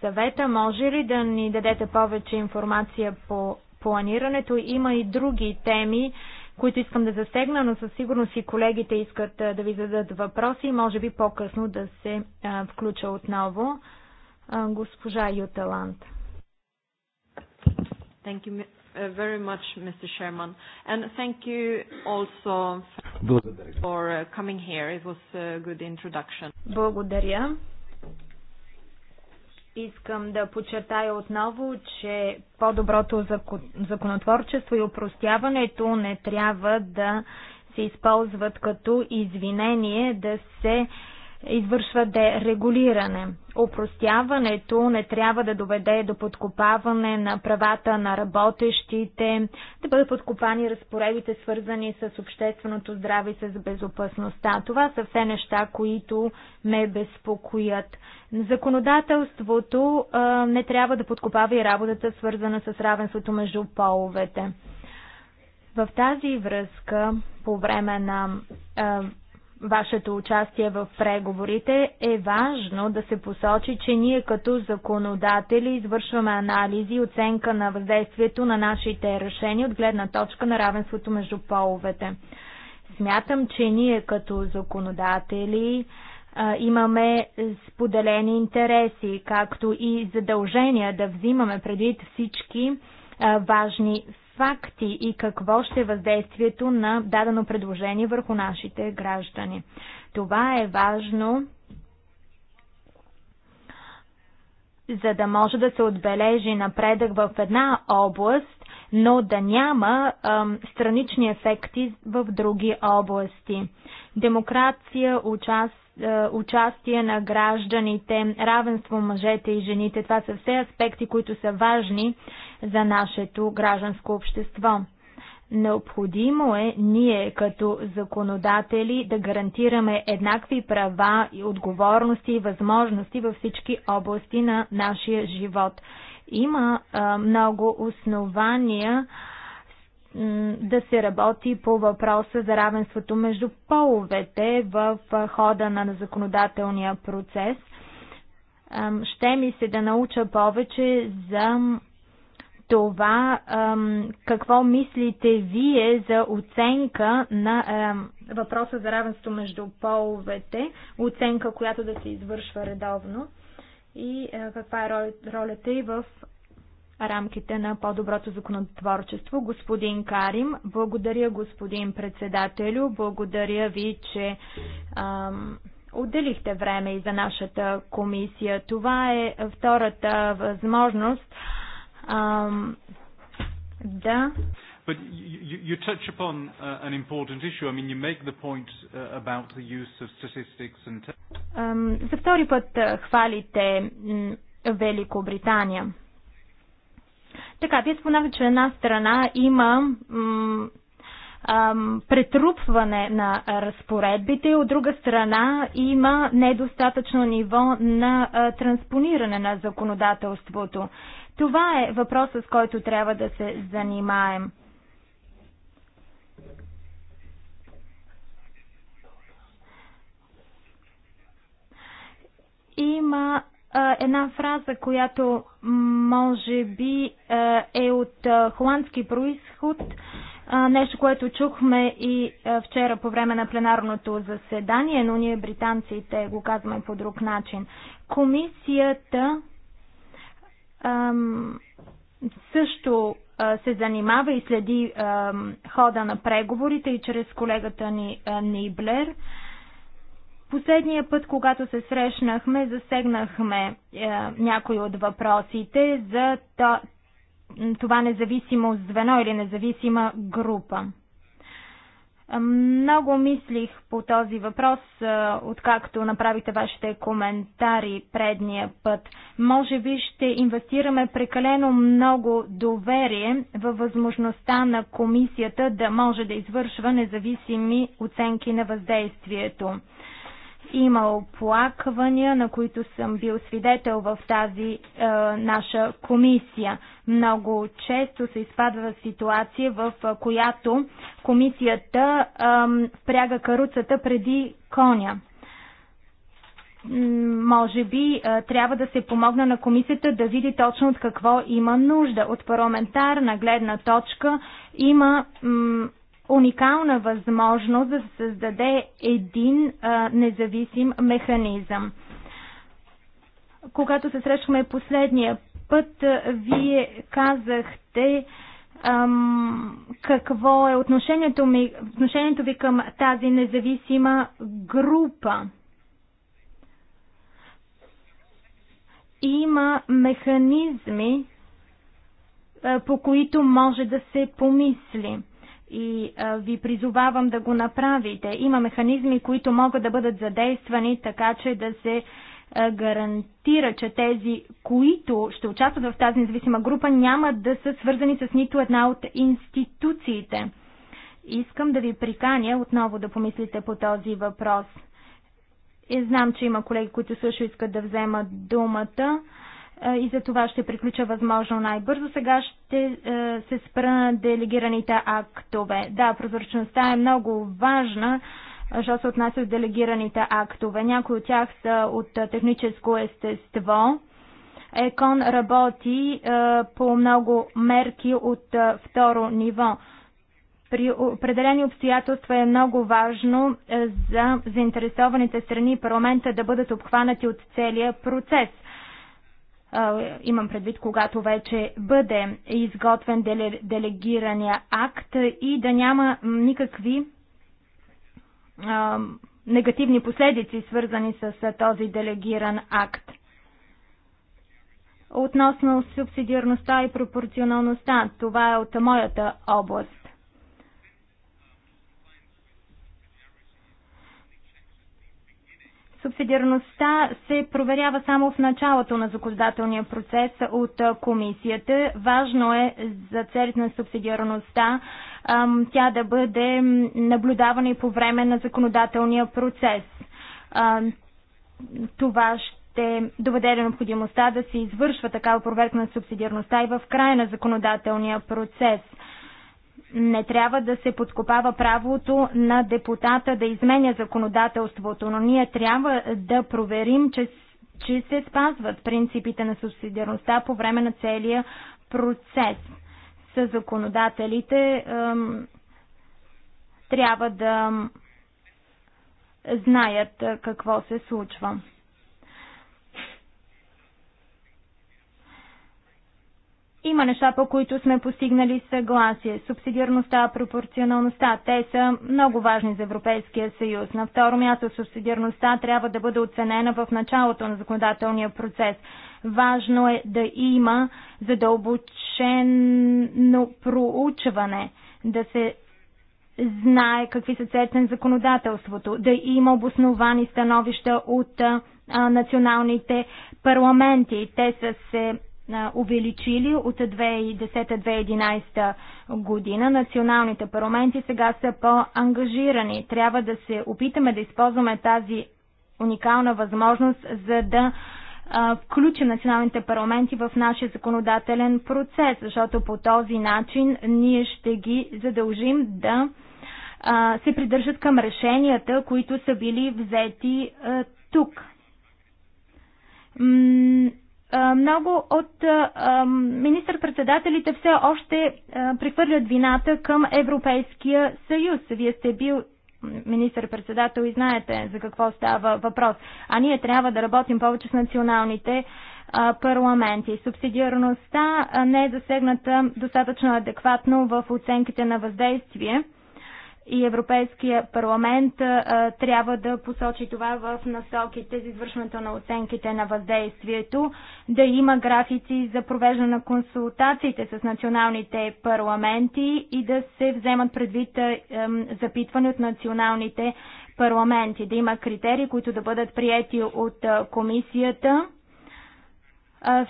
съвета. Може ли да ни дадете повече информация по планирането. Има и други теми, които искам да засегна, но със сигурност и колегите искат да ви зададат въпроси и може би по-късно да се включа отново госпожа Юталанд. Thank you uh, very much, Mr. And thank you also for uh, coming here. It was a good introduction. Благодаря. Искам да подчертая отново, че по-доброто законотворчество и упростяването не трябва да се използват като извинение да се извършва дерегулиране. Опростяването не трябва да доведе до подкопаване на правата на работещите, да бъдат подкопани разпоредите, свързани с общественото здраве и с безопасността. Това са все неща, които ме безпокоят. Законодателството а, не трябва да подкопава и работата, свързана с равенството между половете. В тази връзка, по време на а, вашето участие в преговорите, е важно да се посочи, че ние като законодатели извършваме анализи и оценка на въздействието на нашите решения от гледна точка на равенството между половете. Смятам, че ние като законодатели имаме споделени интереси, както и задължения да взимаме предвид всички важни факти и какво ще е въздействието на дадено предложение върху нашите граждани. Това е важно, за да може да се отбележи напредък в една област, но да няма ам, странични ефекти в други области. Демокрация, участва. Е, участие на гражданите, равенство мъжете и жените. Това са все аспекти, които са важни за нашето гражданско общество. Необходимо е ние като законодатели да гарантираме еднакви права и отговорности и възможности във всички области на нашия живот. Има а, е, много основания а, да се работи по въпроса за равенството между половете в хода на законодателния процес. Ще ми се да науча повече за това какво мислите вие за оценка на въпроса за равенство между половете, оценка, която да се извършва редовно и каква е ролята и в рамките на по-доброто законотворчество. Господин Карим, благодаря господин председателю, благодаря ви, че ам, отделихте време и за нашата комисия. Това е втората възможност ам, да. But you, you touch upon uh, an important issue. I mean, you make the point uh, about the use of statistics and. Um, за втори път uh, хвалите Великобритания. Така, вие споменахте, че една страна има претрупване на разпоредбите, от друга страна има недостатъчно ниво на транспониране на законодателството. Това е въпросът, с който трябва да се занимаем. Има една фраза, която може би е от холандски происход, нещо, което чухме и вчера по време на пленарното заседание, но ние британците го казваме по друг начин. Комисията ам, също се занимава и следи хода на преговорите и чрез колегата ни Ниблер. Последния път, когато се срещнахме, засегнахме е, някои от въпросите за то, това независимо звено или независима група. Много мислих по този въпрос, е, откакто направите вашите коментари предния път. Може би ще инвестираме прекалено много доверие във възможността на комисията да може да извършва независими оценки на въздействието. Има оплаквания, на които съм бил свидетел в тази е, наша комисия. Много често се изпадва в ситуация, в която комисията е, впряга каруцата преди коня може би е, трябва да се помогна на комисията да види точно от какво има нужда. От парламентарна гледна точка има уникална възможност да се създаде един а, независим механизъм. Когато се срещаме последния път, вие казахте ам, какво е отношението, ми, отношението ви към тази независима група. Има механизми, а, по които може да се помисли и а, ви призовавам да го направите. Има механизми, които могат да бъдат задействани, така че да се а, гарантира, че тези, които ще участват в тази независима група, няма да са свързани с нито една от институциите. Искам да ви приканя отново да помислите по този въпрос. И е, знам, че има колеги, които също искат да вземат думата. Е, и за това ще приключа възможно най-бързо. Сега ще е, се спра на делегираните актове. Да, прозрачността е много важна, що се отнася с делегираните актове. Някои от тях са от техническо естество. ЕКОН работи е, по много мерки от второ ниво. При определени обстоятелства е много важно за заинтересованите страни и парламента да бъдат обхванати от целия процес – имам предвид, когато вече бъде изготвен делегирания акт и да няма никакви негативни последици, свързани с този делегиран акт. Относно субсидиарността и пропорционалността, това е от моята област. Субсидиарността се проверява само в началото на законодателния процес от комисията. Важно е за целите на субсидиарността тя да бъде наблюдавана и по време на законодателния процес. Това ще доведе до необходимостта да се извършва такава проверка на субсидиарността и в края на законодателния процес – не трябва да се подкопава правото на депутата да изменя законодателството, но ние трябва да проверим, че, че се спазват принципите на субсидиарността по време на целия процес. С законодателите ем, трябва да знаят какво се случва. Има неща, по които сме постигнали съгласие. Субсидиарността, пропорционалността, те са много важни за Европейския съюз. На второ място, субсидиарността трябва да бъде оценена в началото на законодателния процес. Важно е да има задълбочено проучване, да се знае какви са целите на законодателството, да има обосновани становища от а, националните парламенти. Те са се увеличили от 2010-2011 година. Националните парламенти сега са по-ангажирани. Трябва да се опитаме да използваме тази уникална възможност, за да включим националните парламенти в нашия законодателен процес, защото по този начин ние ще ги задължим да се придържат към решенията, които са били взети тук много от министър-председателите все още прехвърлят вината към Европейския съюз. Вие сте бил министър-председател и знаете за какво става въпрос. А ние трябва да работим повече с националните парламенти. Субсидиарността не е засегната достатъчно адекватно в оценките на въздействие и Европейския парламент трябва да посочи това в насоките за извършването на оценките на въздействието, да има графици за провеждане на консултациите с националните парламенти и да се вземат предвид запитване от националните парламенти, да има критерии, които да бъдат прияти от комисията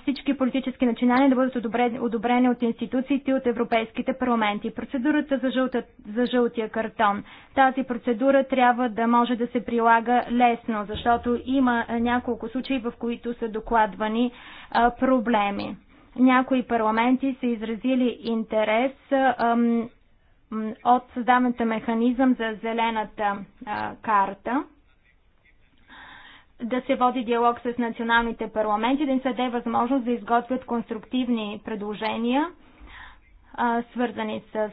всички политически начинания да бъдат одобрени от институциите и от европейските парламенти. Процедурата за, жълта, за жълтия картон. Тази процедура трябва да може да се прилага лесно, защото има няколко случаи, в които са докладвани а, проблеми. Някои парламенти са изразили интерес ам, от създаването механизъм за зелената а, карта да се води диалог с националните парламенти, да им се даде възможност да изготвят конструктивни предложения, свързани с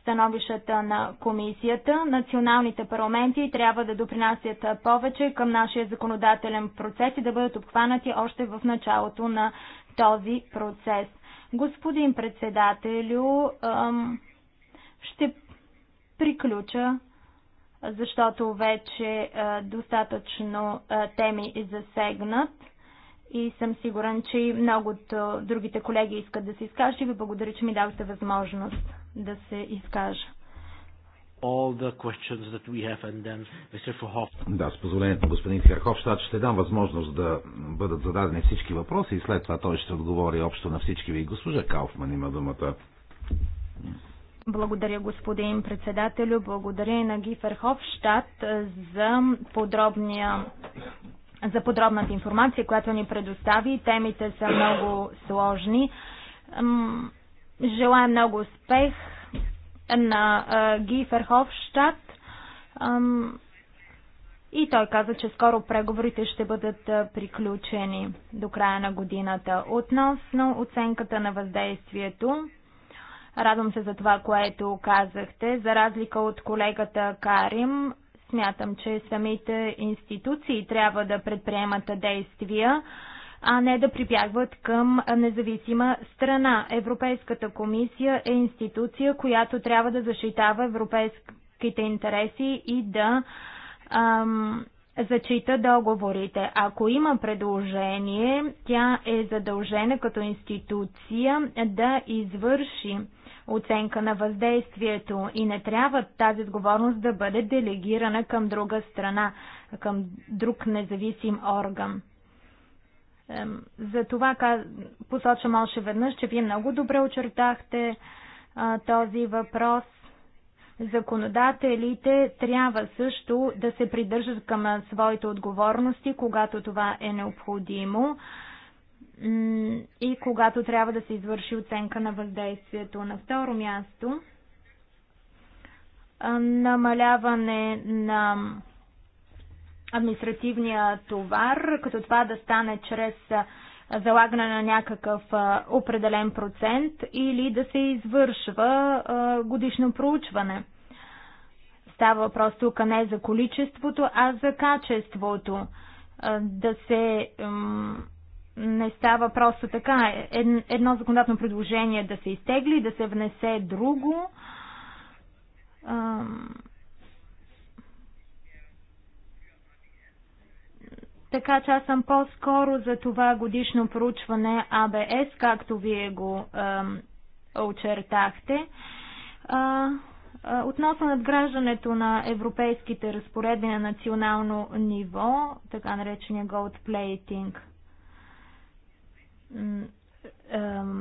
становищата на комисията. Националните парламенти трябва да допринасят повече към нашия законодателен процес и да бъдат обхванати още в началото на този процес. Господин председателю, ще приключа защото вече достатъчно теми е засегнат и съм сигурен, че и много от другите колеги искат да се изкажат и ви благодаря, че ми давате възможност да се изкажа. All the questions that we have and then Mr. Да, с позволението на господин Ферховщад ще дам възможност да бъдат зададени всички въпроси и след това той ще отговори общо на всички ви. Госпожа Кауфман има думата. Благодаря, господин председателю. Благодаря на Гифер за подробния за подробната информация, която ни предостави. Темите са много сложни. Желая много успех на Ги И той каза, че скоро преговорите ще бъдат приключени до края на годината. Относно оценката на въздействието, Радвам се за това, което казахте. За разлика от колегата Карим, смятам, че самите институции трябва да предприемат действия, а не да прибягват към независима страна. Европейската комисия е институция, която трябва да защитава европейските интереси и да ам, зачита договорите. Ако има предложение, тя е задължена като институция да извърши оценка на въздействието и не трябва тази отговорност да бъде делегирана към друга страна, към друг независим орган. За това посочвам още веднъж, че вие много добре очертахте този въпрос. Законодателите трябва също да се придържат към своите отговорности, когато това е необходимо и когато трябва да се извърши оценка на въздействието. На второ място, намаляване на административния товар, като това да стане чрез залагане на някакъв определен процент или да се извършва годишно проучване. Става въпрос тук не за количеството, а за качеството. Да се не става просто така едно законодателно предложение да се изтегли, да се внесе друго. Така че аз съм по-скоро за това годишно проучване АБС, както вие го е, очертахте. относно надграждането на европейските разпореди на национално ниво, така наречения gold plating –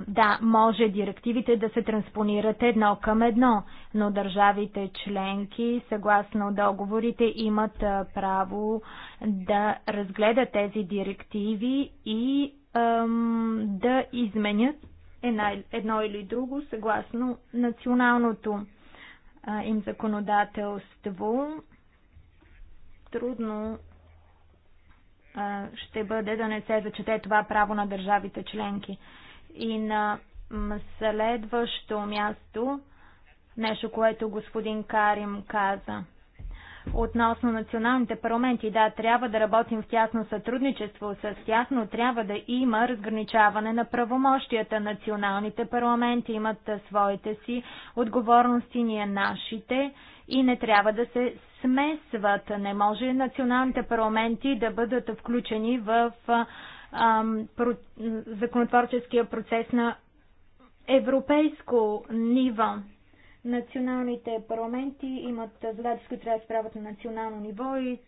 да, може директивите да се транспонират едно към едно, но държавите членки, съгласно договорите, имат право да разгледат тези директиви и да изменят една, едно или друго съгласно националното им законодателство. Трудно ще бъде да не се зачете това право на държавите членки. И на следващо място, нещо, което господин Карим каза. Относно националните парламенти, да, трябва да работим в тясно сътрудничество с тях, но трябва да има разграничаване на правомощията. Националните парламенти имат своите си отговорности, ние нашите и не трябва да се смесват. Не може националните парламенти да бъдат включени в законотворческия процес на европейско ниво. Националните парламенти имат задачи, които трябва да справят на национално ниво и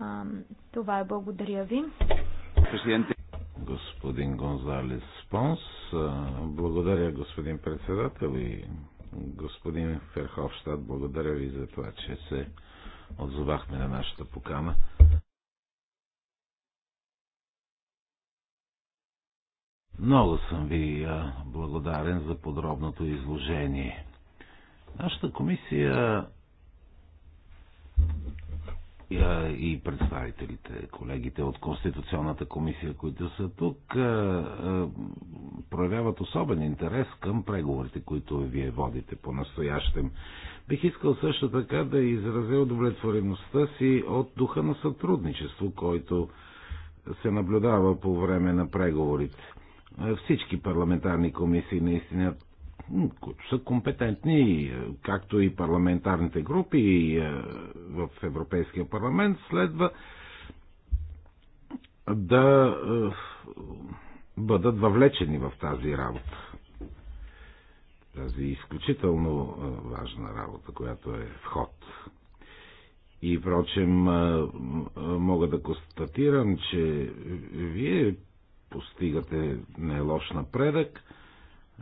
а, това е благодаря ви. Господин Гонзалес Спонс, благодаря господин председател и господин Ферховщад, благодаря ви за това, че се отзовахме на нашата покана. Много съм ви благодарен за подробното изложение. Нашата комисия е, и представителите, колегите от Конституционната комисия, които са тук, е, е, проявяват особен интерес към преговорите, които вие водите по настоящем. Бих искал също така да изразя удовлетвореността си от духа на сътрудничество, който се наблюдава по време на преговорите. Всички парламентарни комисии наистина които са компетентни, е, както и парламентарните групи е, в Европейския парламент, следва да е, бъдат въвлечени в тази работа. Тази изключително важна работа, която е в ход. И, впрочем, мога да констатирам, че вие постигате нелош напредък –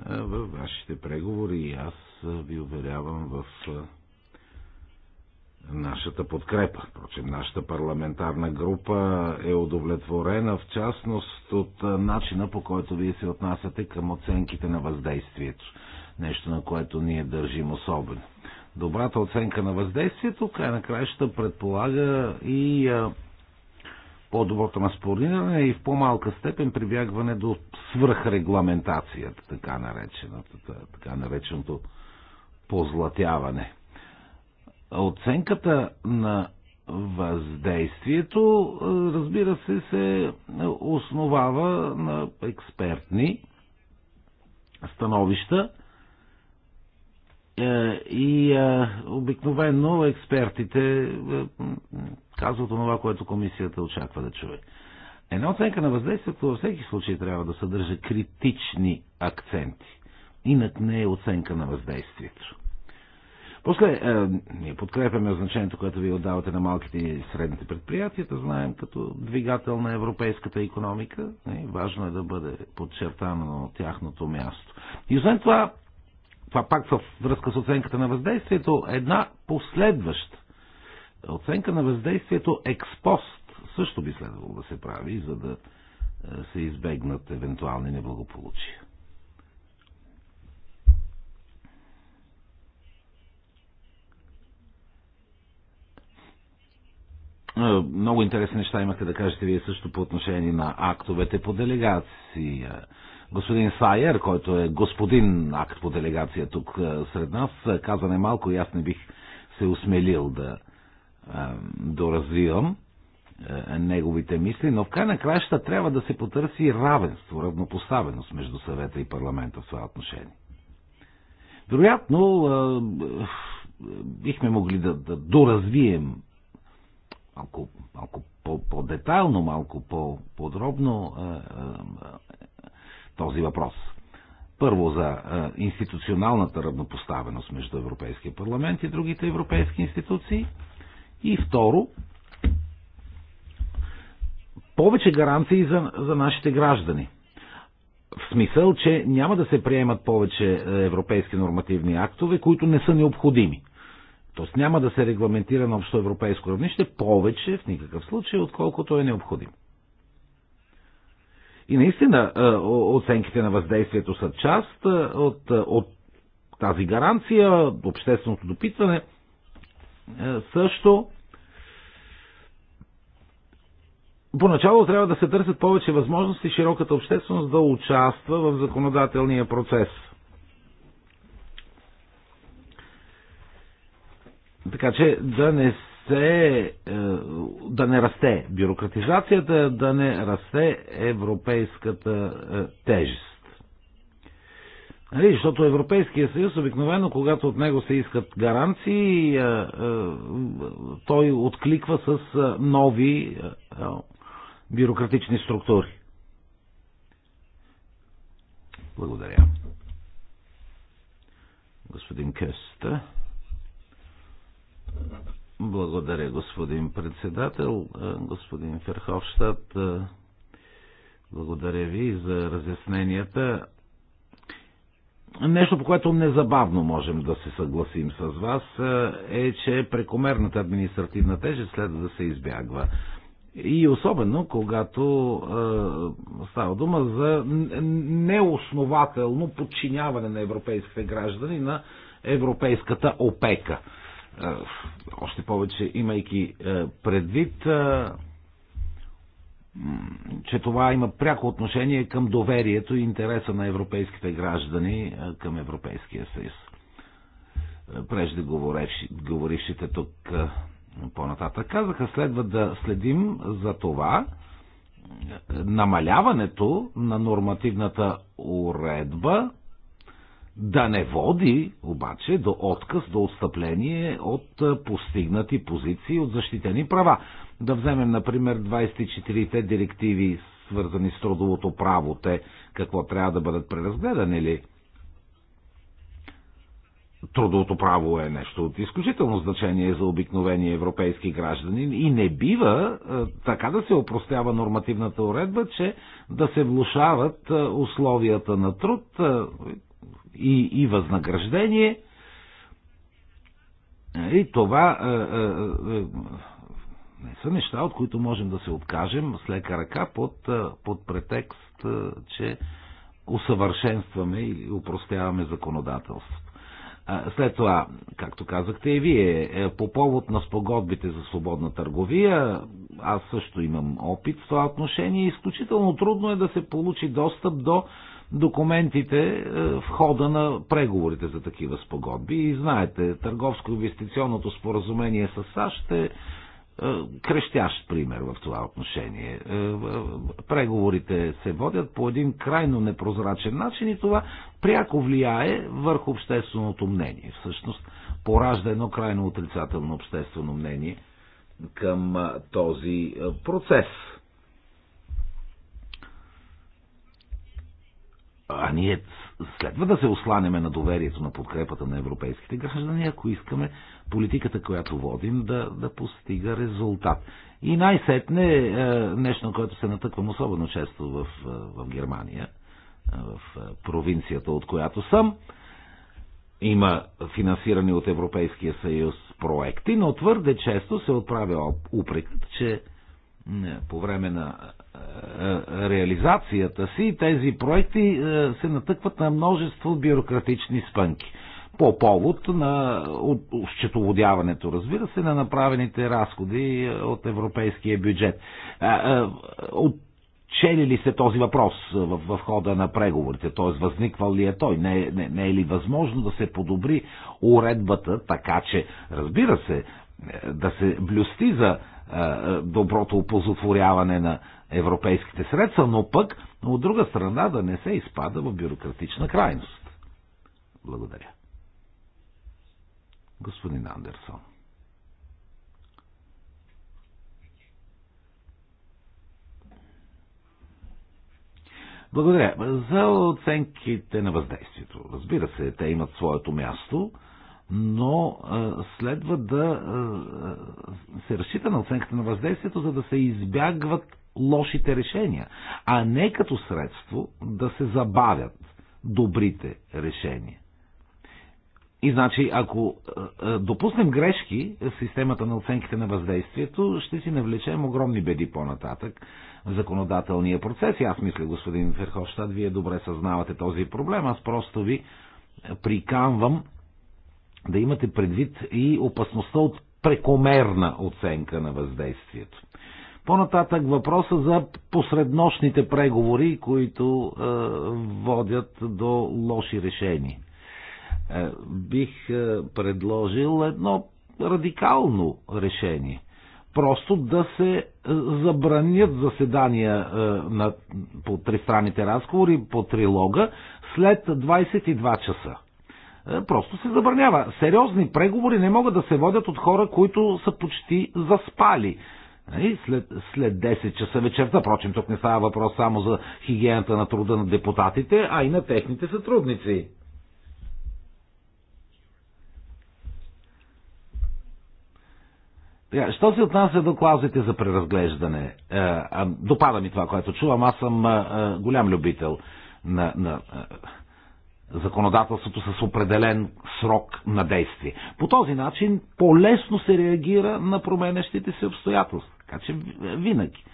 във вашите преговори и аз ви уверявам в нашата подкрепа. Впрочем, нашата парламентарна група е удовлетворена в частност от начина по който вие се отнасяте към оценките на въздействието. Нещо, на което ние държим особено. Добрата оценка на въздействието, край на краища, предполага и по-доброто маспориране и в по-малка степен прибягване до свръхрегламентацията, така нареченото, така нареченото позлатяване. Оценката на въздействието, разбира се, се основава на експертни становища е, и е, обикновено експертите е, казват това, което комисията очаква да чуе. Една оценка на въздействието във всеки случай трябва да съдържа критични акценти. Инак не е оценка на въздействието. После, е, ние подкрепяме значението, което ви отдавате на малките и средните да знаем като двигател на европейската економика. Е, важно е да бъде подчертано тяхното място. И освен това, това пак във връзка с оценката на въздействието, една последваща Оценка на въздействието експост също би следвало да се прави, за да е, се избегнат евентуални неблагополучия. Е, много интересни неща имате да кажете вие също по отношение на актовете по делегация. Господин Сайер, който е господин акт по делегация тук е, сред нас, каза не малко и аз не бих се усмелил да, доразвивам неговите мисли, но в край на краища трябва да се потърси равенство, равнопоставеност между съвета и парламента в това отношение. Вероятно, бихме могли да, да доразвием малко, малко по-детайлно, -по малко по-подробно този въпрос. Първо за институционалната равнопоставеност между Европейския парламент и другите европейски институции – и второ, повече гаранции за, за нашите граждани. В смисъл, че няма да се приемат повече е, европейски нормативни актове, които не са необходими. Тоест няма да се регламентира на общо европейско равнище повече в никакъв случай, отколкото е необходимо. И наистина е, оценките на въздействието са част е, от, от тази гаранция, общественото допитване също Поначало трябва да се търсят повече възможности широката общественост да участва в законодателния процес. Така че да не се, е, да не расте бюрократизацията, да не расте европейската е, тежест. Нали, защото Европейския съюз обикновено, когато от него се искат гаранции, е, той откликва с нови бюрократични структури. Благодаря. Господин Кеста. Благодаря, господин председател, господин Ферховщад. Благодаря ви за разясненията. Нещо, по което незабавно можем да се съгласим с вас, е, че прекомерната административна тежест следва да се избягва. И особено, когато а, става дума за неоснователно подчиняване на европейските граждани на европейската опека. А, още повече, имайки а, предвид, а, че това има пряко отношение към доверието и интереса на европейските граждани а, към Европейския съюз. Преждеговорившите тук по-нататък казаха, следва да следим за това намаляването на нормативната уредба да не води обаче до отказ, до отстъпление от постигнати позиции, от защитени права. Да вземем, например, 24-те директиви, свързани с трудовото право, те какво трябва да бъдат преразгледани ли? Трудовото право е нещо от изключително значение за обикновени европейски граждани и не бива е, така да се опростява нормативната уредба, че да се влушават е, условията на труд е, и, и възнаграждение. И това не са неща, от които можем да се откажем с лека ръка под, под претекст, че усъвършенстваме или упростяваме законодателството. След това, както казахте и вие, е, по повод на спогодбите за свободна търговия, аз също имам опит в това отношение, изключително трудно е да се получи достъп до документите е, в хода на преговорите за такива спогодби. И знаете, търговско-инвестиционното споразумение с САЩ е е, крещящ пример в това отношение. Е, е, преговорите се водят по един крайно непрозрачен начин и това пряко влияе върху общественото мнение. Всъщност поражда едно крайно отрицателно обществено мнение към този процес. А ние следва да се осланяме на доверието на подкрепата на европейските граждани, ако искаме политиката, която водим, да, да постига резултат. И най-сетне е, нещо, което се натъквам особено често в, е, в Германия, е, в провинцията, от която съм, има финансирани от Европейския съюз проекти, но твърде често се отправя упрекът, че по време на реализацията си тези проекти се натъкват на множество бюрократични спънки по повод на счетоводяването, разбира се, на направените разходи е, от европейския бюджет. Отчели ли се този въпрос в, в хода на преговорите, т.е. възниквал ли е той, не, не, не е ли възможно да се подобри уредбата, така че, разбира се, е, да се блюсти за е, доброто опозотворяване на европейските средства, но пък, от друга страна, да не се изпада в бюрократична крайност. Благодаря господин Андерсон. Благодаря. За оценките на въздействието. Разбира се, те имат своето място, но следва да се разчита на оценката на въздействието, за да се избягват лошите решения, а не като средство да се забавят добрите решения. И значи, ако допуснем грешки в системата на оценките на въздействието, ще си навлечем огромни беди по-нататък в законодателния процес. И аз мисля, господин Ферховщад, вие добре съзнавате този проблем. Аз просто ви приканвам да имате предвид и опасността от прекомерна оценка на въздействието. По-нататък въпроса за посреднощните преговори, които е, водят до лоши решения. Е, бих е, предложил едно радикално решение. Просто да се е, забранят заседания на, по тристранните разговори, по трилога, след 22 часа. Просто се забранява. Сериозни преговори не могат да се водят от хора, които са почти заспали. Нали, след, след 10 часа вечерта, впрочем, тук не става въпрос само за хигиената на труда на депутатите, а и на техните сътрудници. Е, що се отнася до клаузите за преразглеждане? Е, допада ми това, което чувам. Аз съм е, голям любител на, на законодателството с определен срок на действие. По този начин по-лесно се реагира на променещите се обстоятелства. Така че винаги.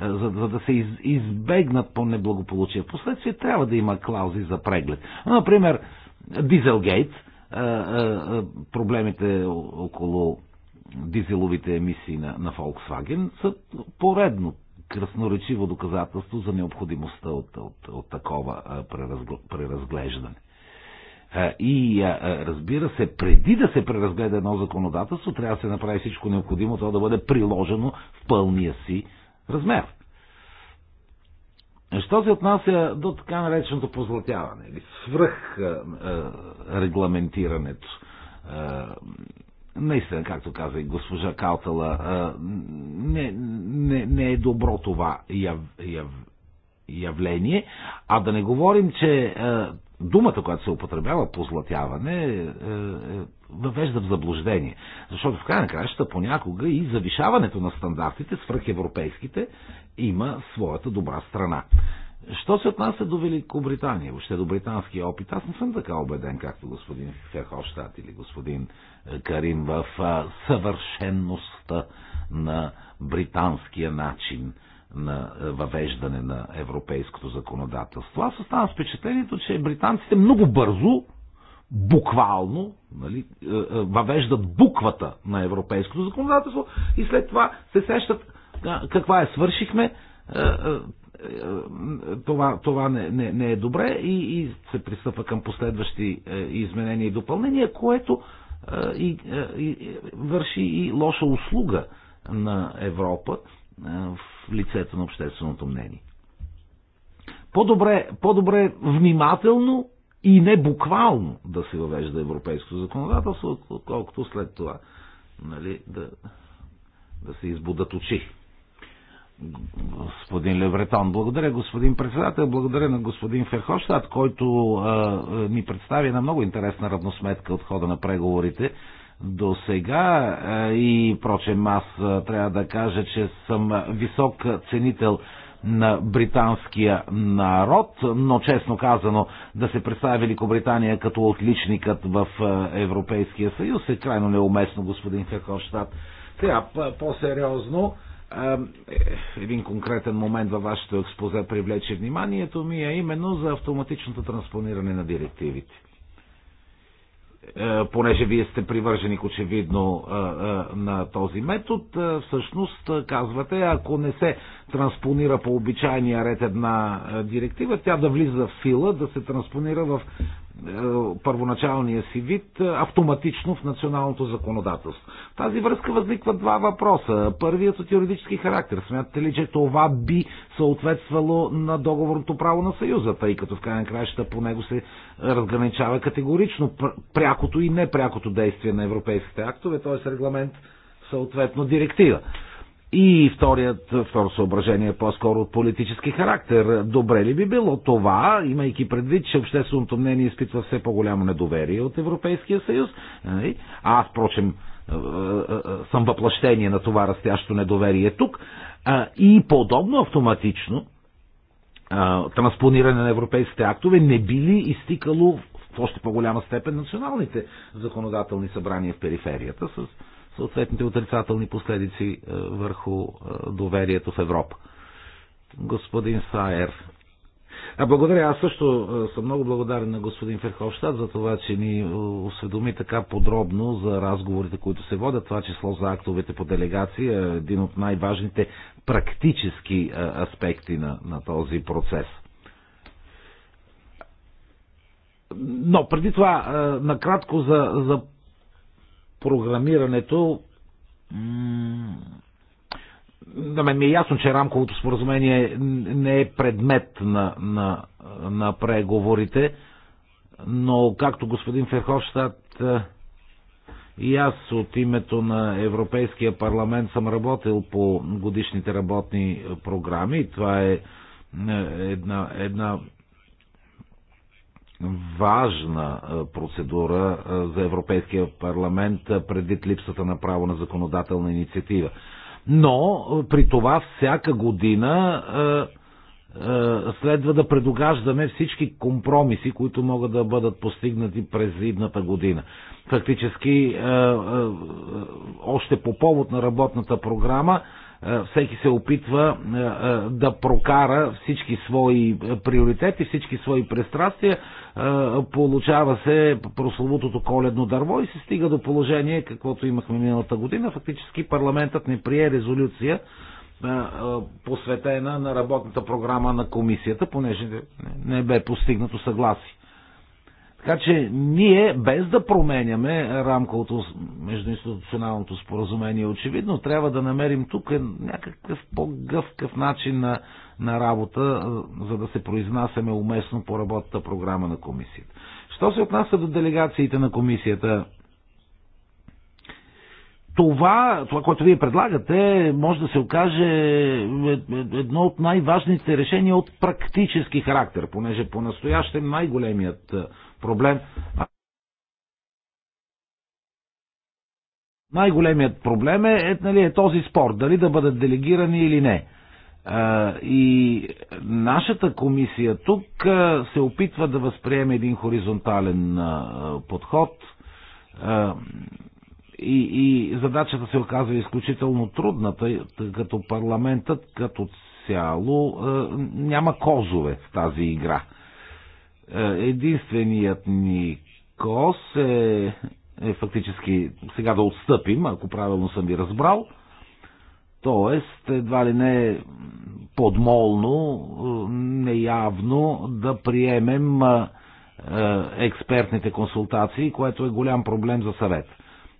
За, за да се избегнат по неблагополучие Последствие трябва да има клаузи за преглед. Например, Дизелгейт, проблемите около дизеловите емисии на, на Volkswagen са поредно красноречиво доказателство за необходимостта от, от, от такова преразглеждане. И разбира се, преди да се преразгледа едно законодателство, трябва да се направи всичко необходимо това да бъде приложено в пълния си размер. Що се отнася до така нареченото позлатяване или свръх регламентирането, наистина, както каза и госпожа Калтала, не, не, не е добро това яв, яв, явление, а да не говорим, че думата, която се употребява позлатяване, е, е, въвежда в заблуждение. Защото в крайна краща понякога и завишаването на стандартите свръхевропейските, има своята добра страна. Що се отнася до Великобритания, въобще до британския опит, аз не съм така убеден, както господин Ферховщат или господин е, Карим, в съвършенността на британския начин на е, въвеждане на европейското законодателство. Аз оставам с впечатлението, че британците много бързо, буквално, нали, е, въвеждат буквата на европейското законодателство и след това се сещат каква е свършихме, е, е, това, това не, не, не е добре и, и се пристъпва към последващи е, изменения и допълнения, което и, и, върши и лоша услуга на Европа в лицето на общественото мнение. По-добре, по-добре внимателно и не буквално да се въвежда европейското законодателство, отколкото след това нали, да, да се избудат очи господин Левретон. Благодаря, господин председател. Благодаря на господин Ферхоштад, който а, ми представи една много интересна равносметка от хода на преговорите до сега. И, прочем, аз трябва да кажа, че съм висок ценител на британския народ, но честно казано да се представя Великобритания като отличникът в Европейския съюз е крайно неуместно, господин Ферхоштад. Сега, по-сериозно, -по е, един конкретен момент във вашето експозе привлече вниманието ми, е именно за автоматичното транспониране на директивите. Е, понеже вие сте привърженик очевидно на този метод, всъщност казвате, ако не се транспонира по обичайния ред една е, директива, тя да влиза в сила, да се транспонира в е, първоначалния си вид е, автоматично в националното законодателство. В тази връзка възникват два въпроса. Първият от юридически характер. Смятате ли, че това би съответствало на договорното право на Съюза, тъй като в крайна краища по него се разграничава категорично прякото и непрякото действие на европейските актове, т.е. регламент съответно директива. И вторият, второ съображение е по-скоро от политически характер. Добре ли би било това, имайки предвид, че общественото мнение изпитва все по-голямо недоверие от Европейския съюз? Нали? А аз, впрочем, е, е, е, съм въплъщение на това растящо недоверие тук. И подобно автоматично транспониране на европейските актове не били изтикало в още по-голяма степен националните законодателни събрания в периферията с съответните отрицателни последици е, върху е, доверието в Европа. Господин Саер. А благодаря. Аз също е, съм много благодарен на господин Ферховщад за това, че ни осведоми така подробно за разговорите, които се водят, това число за актовете по делегация, един от най-важните практически аспекти на, на този процес. Но преди това, накратко за, за програмирането на мен ми е ясно, че рамковото споразумение не е предмет на, на, на преговорите, но както господин Ферховщад е, и аз от името на Европейския парламент съм работил по годишните работни програми. Това е, е една, една важна процедура за Европейския парламент предвид липсата на право на законодателна инициатива. Но при това всяка година следва да предогаждаме всички компромиси, които могат да бъдат постигнати през идната година. Фактически, още по повод на работната програма, всеки се опитва да прокара всички свои приоритети, всички свои престрастия получава се прословутото коледно дърво и се стига до положение, каквото имахме миналата година. Фактически парламентът не прие резолюция посветена на работната програма на комисията, понеже не бе постигнато съгласие. Така че ние, без да променяме рамковото междуинституционалното споразумение, очевидно трябва да намерим тук някакъв по-гъвкав начин на на работа, за да се произнасяме уместно по работната програма на комисията. Що се отнася до делегациите на комисията, това, това, което вие предлагате, може да се окаже е, е, едно от най-важните решения от практически характер, понеже по-настоящем най-големият проблем. Най-големият проблем е, е, нали, е този спор, дали да бъдат делегирани или не. И нашата комисия тук се опитва да възприеме един хоризонтален подход и, и задачата се оказва изключително трудна, тъй като парламентът като цяло няма козове в тази игра. Единственият ни коз е, е фактически сега да отстъпим, ако правилно съм ви разбрал – Тоест, едва ли не подмолно, неявно да приемем експертните консултации, което е голям проблем за съвет.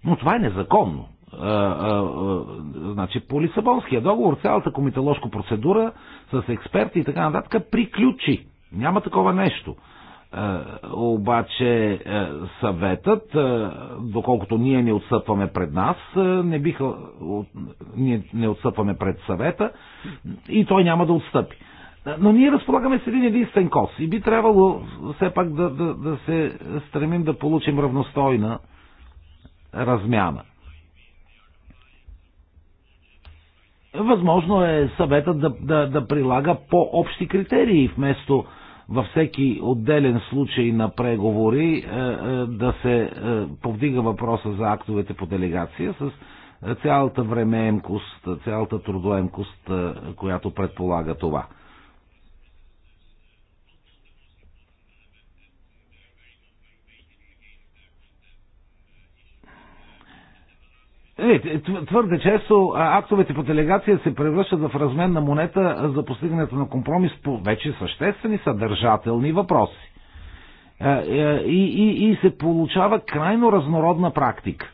Но това е незаконно. Значи, по Лисабонския договор цялата комитоложка процедура с експерти и така нататък приключи. Няма такова нещо. Е, обаче е, съветът, е, доколкото ние не отстъпваме пред нас, не биха, ние не отстъпваме пред съвета и той няма да отстъпи. Но ние разполагаме с един единствен кос и би трябвало все пак да, да, да се стремим да получим равностойна размяна. Възможно е съветът да, да, да прилага по-общи критерии вместо във всеки отделен случай на преговори е, е, да се е, повдига въпроса за актовете по делегация с цялата времеемкост, цялата трудоемкост, която предполага това. Е, е, твърде често актовете по делегация се превръщат в размен на монета за постигането на компромис по вече съществени съдържателни въпроси. Е, и, и, и се получава крайно разнородна практика.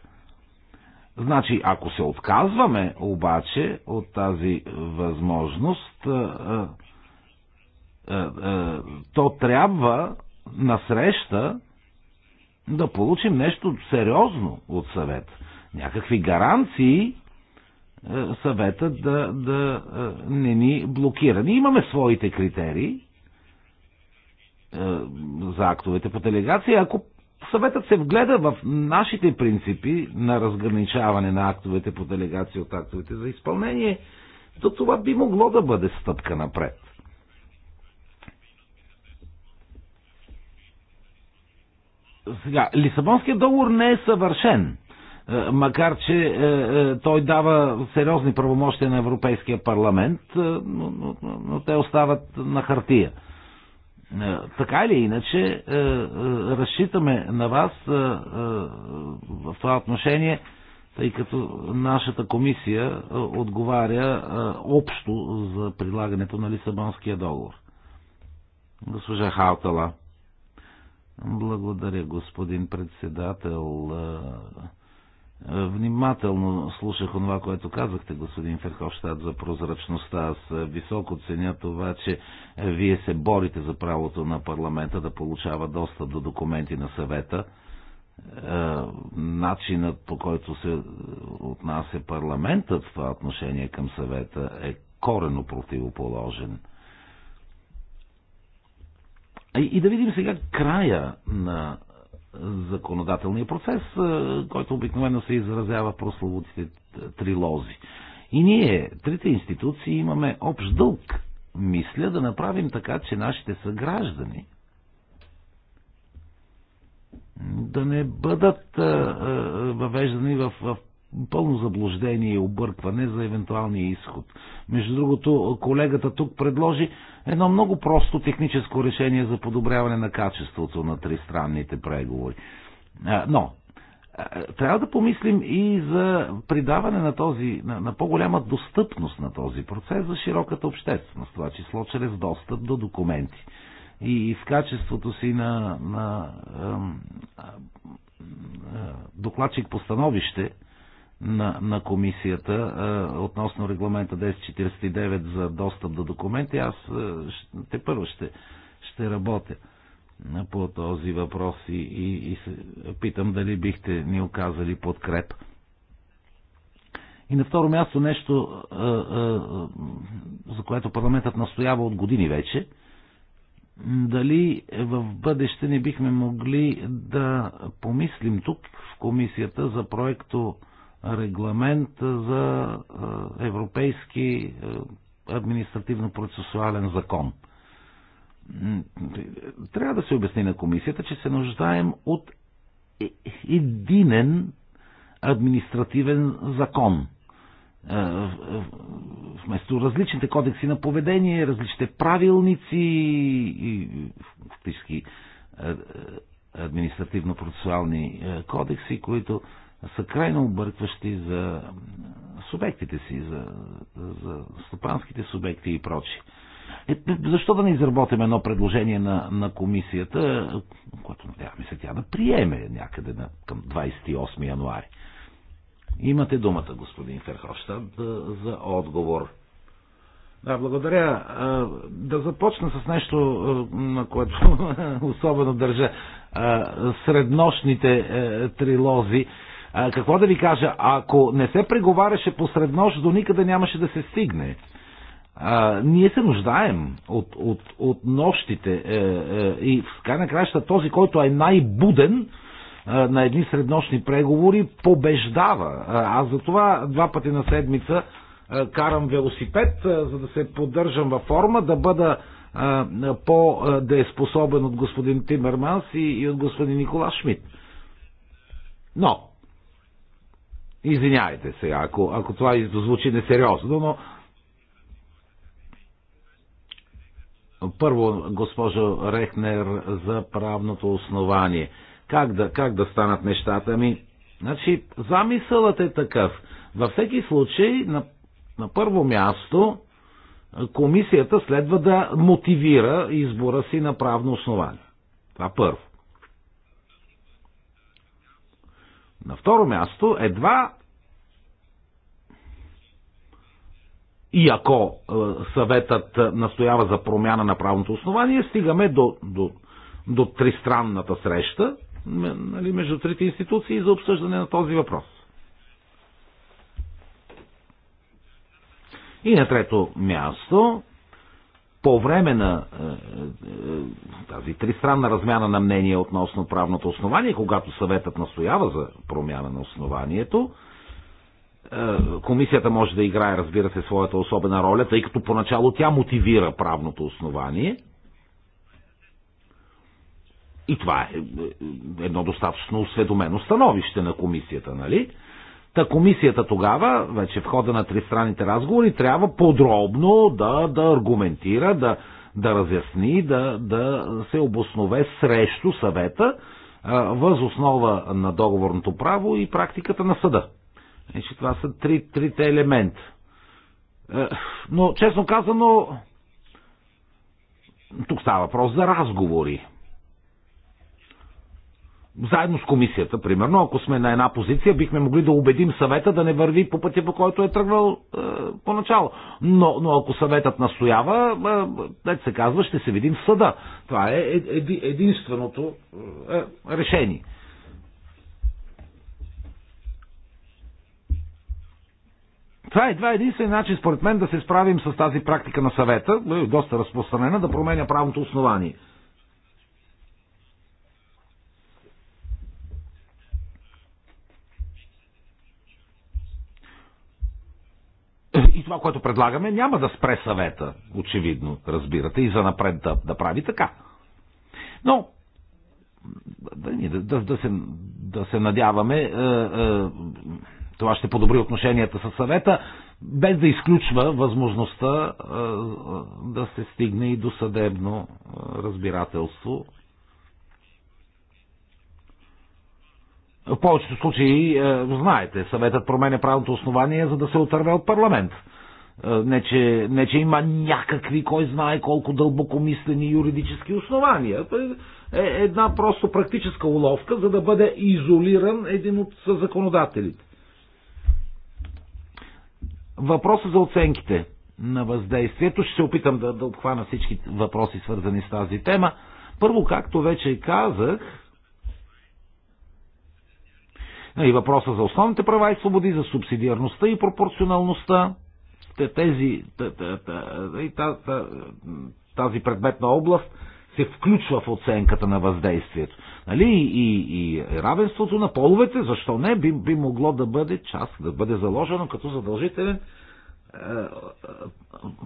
Значи, ако се отказваме обаче от тази възможност, то трябва насреща да получим нещо сериозно от съвета някакви гаранции е, съвета да, да е, не ни блокира. Ние имаме своите критерии е, за актовете по делегация. Ако съветът се вгледа в нашите принципи на разграничаване на актовете по делегация от актовете за изпълнение, то това би могло да бъде стъпка напред. Сега, Лисабонският договор не е съвършен. Е, макар че е, е, той дава сериозни правомощия на Европейския парламент, но, но, но те остават на хартия. Така или иначе, разчитаме на вас в това отношение, тъй като нашата комисия отговаря общо за прилагането на Лисабонския договор. Госпожа Хаутала. Благодаря, господин председател. Е, внимателно слушах това, което казахте, господин Ферховщад, за прозрачността. Аз е, високо ценя това, че е, вие се борите за правото на парламента да получава достъп до документи на съвета. Начинът по който се отнася парламентът в това отношение към съвета е корено противоположен. И да видим сега края на законодателния процес, който обикновено се изразява прословутите трилози. И ние, трите институции, имаме общ дълг, мисля, да направим така, че нашите съграждани да не бъдат въвеждани в, в пълно заблуждение и объркване за евентуалния изход. Между другото, колегата тук предложи едно много просто техническо решение за подобряване на качеството на тристранните преговори. Но, трябва да помислим и за придаване на, този, на, на по-голяма достъпност на този процес за широката общественост, това число чрез достъп до документи. И, и в качеството си на, на, на, на докладчик по становище, на, на комисията а, относно регламента 1049 за достъп до документи. Аз а, те първо ще, ще работя по този въпрос и, и, и се питам дали бихте ни оказали подкреп. И на второ място нещо, а, а, за което парламентът настоява от години вече, дали в бъдеще не бихме могли да помислим тук в комисията за проекто регламент за е, европейски е, административно-процесуален закон. Трябва да се обясни на комисията, че се нуждаем от е, единен административен закон. Вместо различните кодекси на поведение, различните правилници и фактически административно-процесуални кодекси, които са крайно объркващи за субектите си, за, за стопанските субекти и прочи. Е, защо да не изработим едно предложение на, на комисията, което надяваме се тя да приеме някъде на, към 28 януари? Имате думата, господин Ферховщад, за отговор. Да, благодаря. Да започна с нещо, на което особено държа. Среднощните е, трилози какво да ви кажа, ако не се преговаряше посред нощ, до никъде нямаше да се стигне. А, ние се нуждаем от, от, от нощите е, е, и в край краща този, който е най-буден е, на едни среднощни преговори, побеждава. Аз за това два пъти на седмица е, карам велосипед, е, за да се поддържам във форма, да бъда е, по-дееспособен е, от господин Тимерманс и, и от господин Никола Шмидт. Но, Извинявайте се, ако, ако това звучи несериозно, но първо, госпожо Рехнер, за правното основание. Как да, как да станат нещата ми? Значи, замисълът е такъв. Във всеки случай, на, на първо място, комисията следва да мотивира избора си на правно основание. Това първо. На второ място, едва и ако е, съветът е, настоява за промяна на правното основание, стигаме до, до, до тристранната среща нали, между трите институции за обсъждане на този въпрос. И на трето място, по време на е, е, е, тази тристранна размяна на мнение относно правното основание, когато съветът настоява за промяна на основанието, комисията може да играе, разбира се, своята особена роля, тъй като поначало тя мотивира правното основание. И това е едно достатъчно осведомено становище на комисията, нали? Та комисията тогава, вече в хода на тристранните разговори, трябва подробно да, да аргументира, да, да разясни, да, да се обоснове срещу съвета въз основа на договорното право и практиката на съда. Значи, това са три, трите елемента. Е, но, честно казано, тук става въпрос за разговори заедно с комисията, примерно, ако сме на една позиция, бихме могли да убедим съвета да не върви по пътя, по който е тръгнал е, поначало. Но, но ако съветът настоява, е, се казва, ще се видим в съда. Това е еди, единственото е, решение. Това е два е единствен начин, според мен, да се справим с тази практика на съвета, е, доста разпространена, да променя правното основание – и това, което предлагаме, няма да спре съвета, очевидно, разбирате, и за напред да, да прави така. Но, да, да, да, се, да се надяваме, е, е, това ще подобри отношенията със съвета, без да изключва възможността е, е да се стигне и до съдебно е, разбирателство В повечето случаи, е, знаете, съветът променя правилното основание, за да се отърве от парламент. Е, не че, не, че има някакви, кой знае колко дълбокомислени юридически основания. Е една просто практическа уловка, за да бъде изолиран един от законодателите. Въпросът за оценките на въздействието. Ще се опитам да, да обхвана всички въпроси, свързани с тази тема. Първо, както вече казах, и въпроса за основните права и свободи, за субсидиарността и пропорционалността, тези, тази предметна област се включва в оценката на въздействието. Нали? И, и, и равенството на половете, защо не, би, би могло да бъде част, да бъде заложено като задължителен е, е,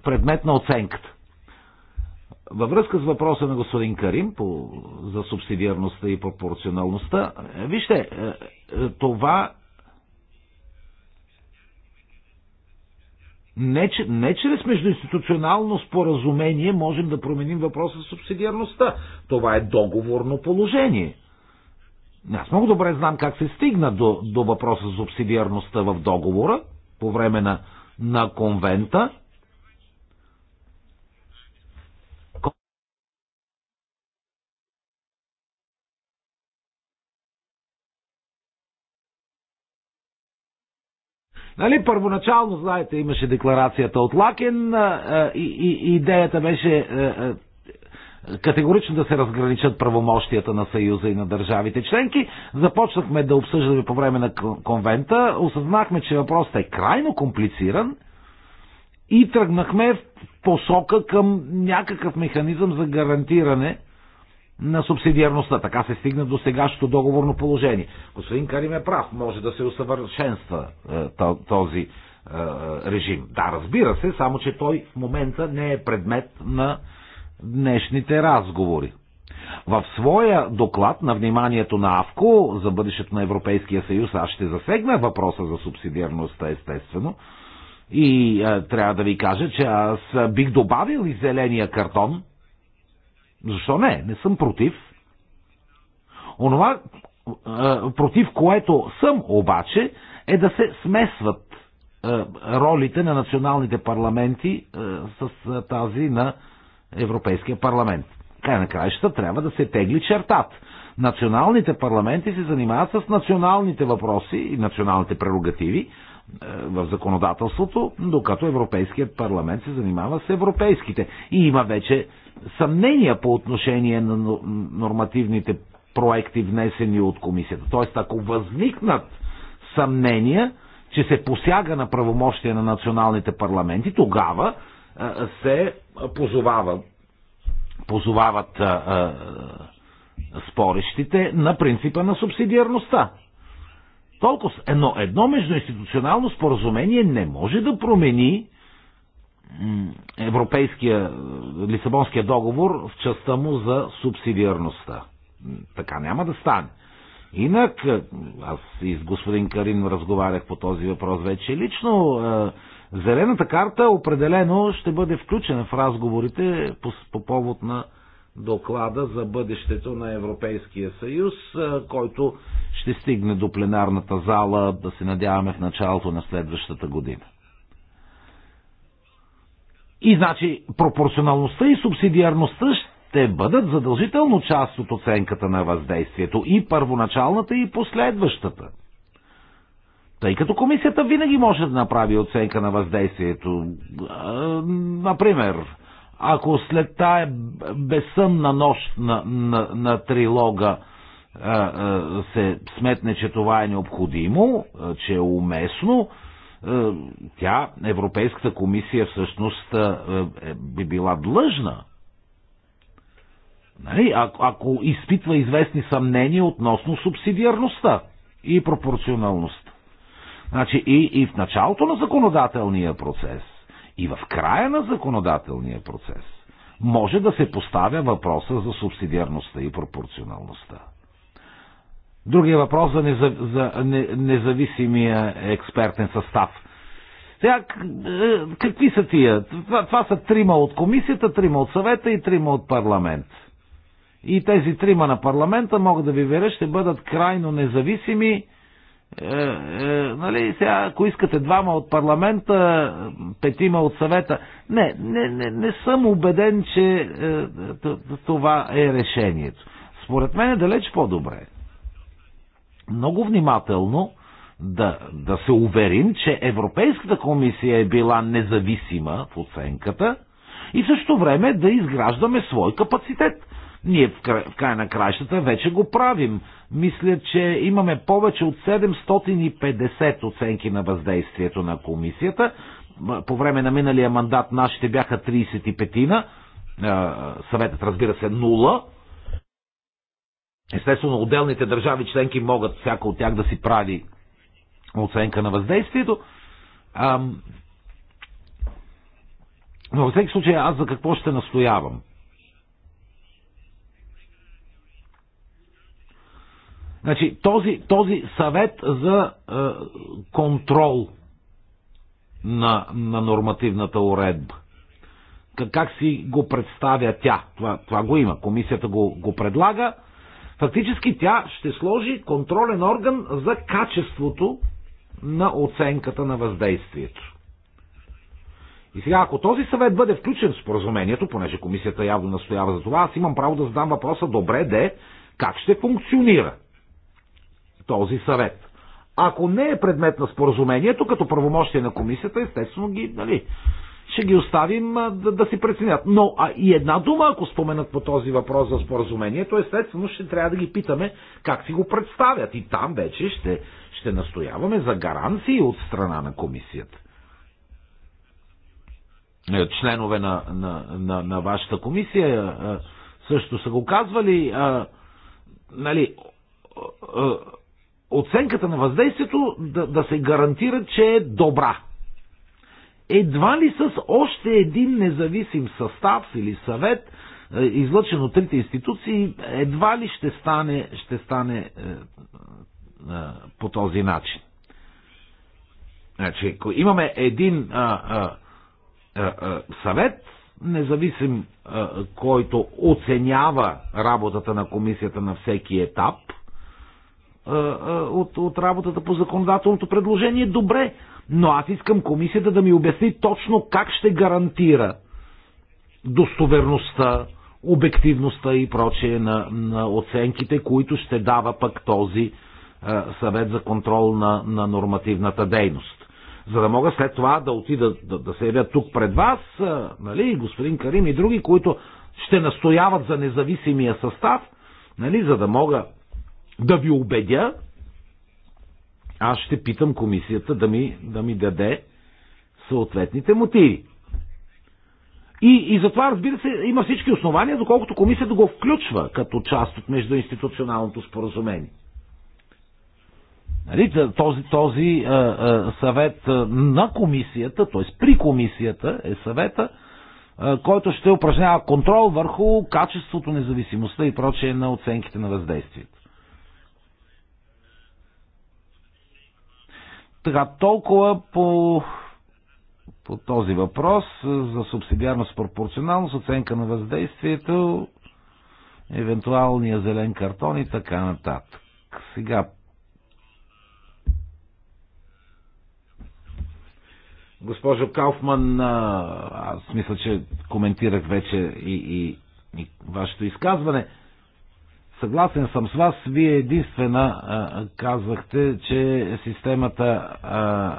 предмет на оценката. Във връзка с въпроса на господин Карим по, за субсидиарността и пропорционалността, е, вижте, това не, не чрез междуинституционално споразумение можем да променим въпроса с субсидиарността. Това е договорно положение. Аз много добре знам как се стигна до, до въпроса с субсидиарността в договора по време на, на конвента. Нали, първоначално, знаете, имаше декларацията от Лакен и, и идеята беше категорично да се разграничат правомощията на Съюза и на държавите членки. Започнахме да обсъждаме по време на конвента, осъзнахме, че въпросът е крайно комплициран и тръгнахме в посока към някакъв механизъм за гарантиране на субсидиарността. Така се стигна до сегашното договорно положение. Господин Карим е прав, може да се усъвършенства е, този е, режим. Да, разбира се, само че той в момента не е предмет на днешните разговори. В своя доклад на вниманието на АВКО за бъдещето на Европейския съюз аз ще засегна въпроса за субсидиарността, естествено. И е, трябва да ви кажа, че аз бих добавил и зеления картон защо не? Не съм против. Онова, против което съм обаче, е да се смесват ролите на националните парламенти с тази на Европейския парламент. Край на краищата трябва да се тегли чертат. Националните парламенти се занимават с националните въпроси и националните прерогативи в законодателството, докато Европейският парламент се занимава с европейските. И има вече съмнения по отношение на нормативните проекти, внесени от комисията. Тоест, ако възникнат съмнения, че се посяга на правомощия на националните парламенти, тогава е, се позовава, позовават а, е, а, е, спорещите на принципа на субсидиарността. Толкова едно, едно междуинституционално споразумение не може да промени Европейския Лисабонския договор в частта му за субсидиарността. Така няма да стане. Инак, е, аз и с господин Карин разговарях по този въпрос вече лично, е, зелената карта определено ще бъде включена в разговорите по, по повод на доклада за бъдещето на Европейския съюз, е, който ще стигне до пленарната зала, да се надяваме в началото на следващата година. И значи пропорционалността и субсидиарността ще бъдат задължително част от оценката на въздействието и първоначалната и последващата. Тъй като комисията винаги може да направи оценка на въздействието. Например, ако след тая безсънна нощ на, на, на трилога се сметне, че това е необходимо, че е уместно, е, тя, Европейската комисия, всъщност е, е, би била длъжна Нали? А, ако изпитва известни съмнения относно субсидиарността и пропорционалността. Значи и, и в началото на законодателния процес, и в края на законодателния процес може да се поставя въпроса за субсидиарността и пропорционалността. Другия въпрос за, неза, за независимия експертен състав. Сега, е, какви са тия? Това, това са трима от комисията, трима от съвета и трима от парламент. И тези трима на парламента, мога да ви веря, ще бъдат крайно независими. Е, е, нали, сега, ако искате двама от парламента, петима от съвета. Не, не, не, не съм убеден, че е, това е решението. Според мен е далеч по-добре много внимателно да, да се уверим, че Европейската комисия е била независима в оценката и също време да изграждаме свой капацитет. Ние в, кра... в край на краищата вече го правим. Мисля, че имаме повече от 750 оценки на въздействието на комисията. По време на миналия мандат нашите бяха 35-на, съветът разбира се нула, Естествено, отделните държави членки могат всяко от тях да си прави оценка на въздействието. Ам... Но във всеки случай аз за какво ще настоявам? Значи, този, този съвет за е, контрол на, на нормативната уредба. Как, как си го представя тя? Това, това го има. Комисията го, го предлага. Фактически тя ще сложи контролен орган за качеството на оценката на въздействието. И сега, ако този съвет бъде включен в споразумението, понеже комисията явно настоява за това, аз имам право да задам въпроса, добре де, как ще функционира този съвет? Ако не е предмет на споразумението, като правомощие на комисията, естествено ги, нали, ще ги оставим да, да си преценят. Но а, и една дума, ако споменат по този въпрос за споразумението, естествено ще трябва да ги питаме как си го представят. И там вече ще, ще настояваме за гаранции от страна на комисията. Е, членове на, на, на, на вашата комисия е, също са го казвали. А, е, нали, оценката на въздействието да, да се гарантира, че е добра едва ли с още един независим състав или съвет, е, излъчен от трите институции, едва ли ще стане, ще стане е, е, по този начин. Значи, ако имаме един а, а, а, съвет, независим а, който оценява работата на комисията на всеки етап от, от работата по законодателното предложение, добре, но аз искам комисията да ми обясни точно как ще гарантира достоверността, обективността и прочее на, на оценките, които ще дава пък този е, съвет за контрол на, на нормативната дейност. За да мога след това да отида да, да се явя тук пред вас, е, нали, господин Карим и други, които ще настояват за независимия състав, нали, за да мога да ви убедя, аз ще питам комисията да ми, да ми даде съответните мотиви. И, и затова, разбира се, има всички основания, доколкото комисията го включва като част от междуинституционалното споразумение. Нали, този този а, а, съвет на комисията, т.е. при комисията е съвета, а, който ще упражнява контрол върху качеството, независимостта и прочее на оценките на въздействието. Така, толкова по, по този въпрос за субсидиарност, пропорционалност, оценка на въздействието, евентуалния зелен картон и така нататък. Сега Госпожо Кауфман, аз мисля, че коментирах вече и, и, и вашето изказване. Съгласен съм с вас. Вие единствена а, казвахте, че системата а,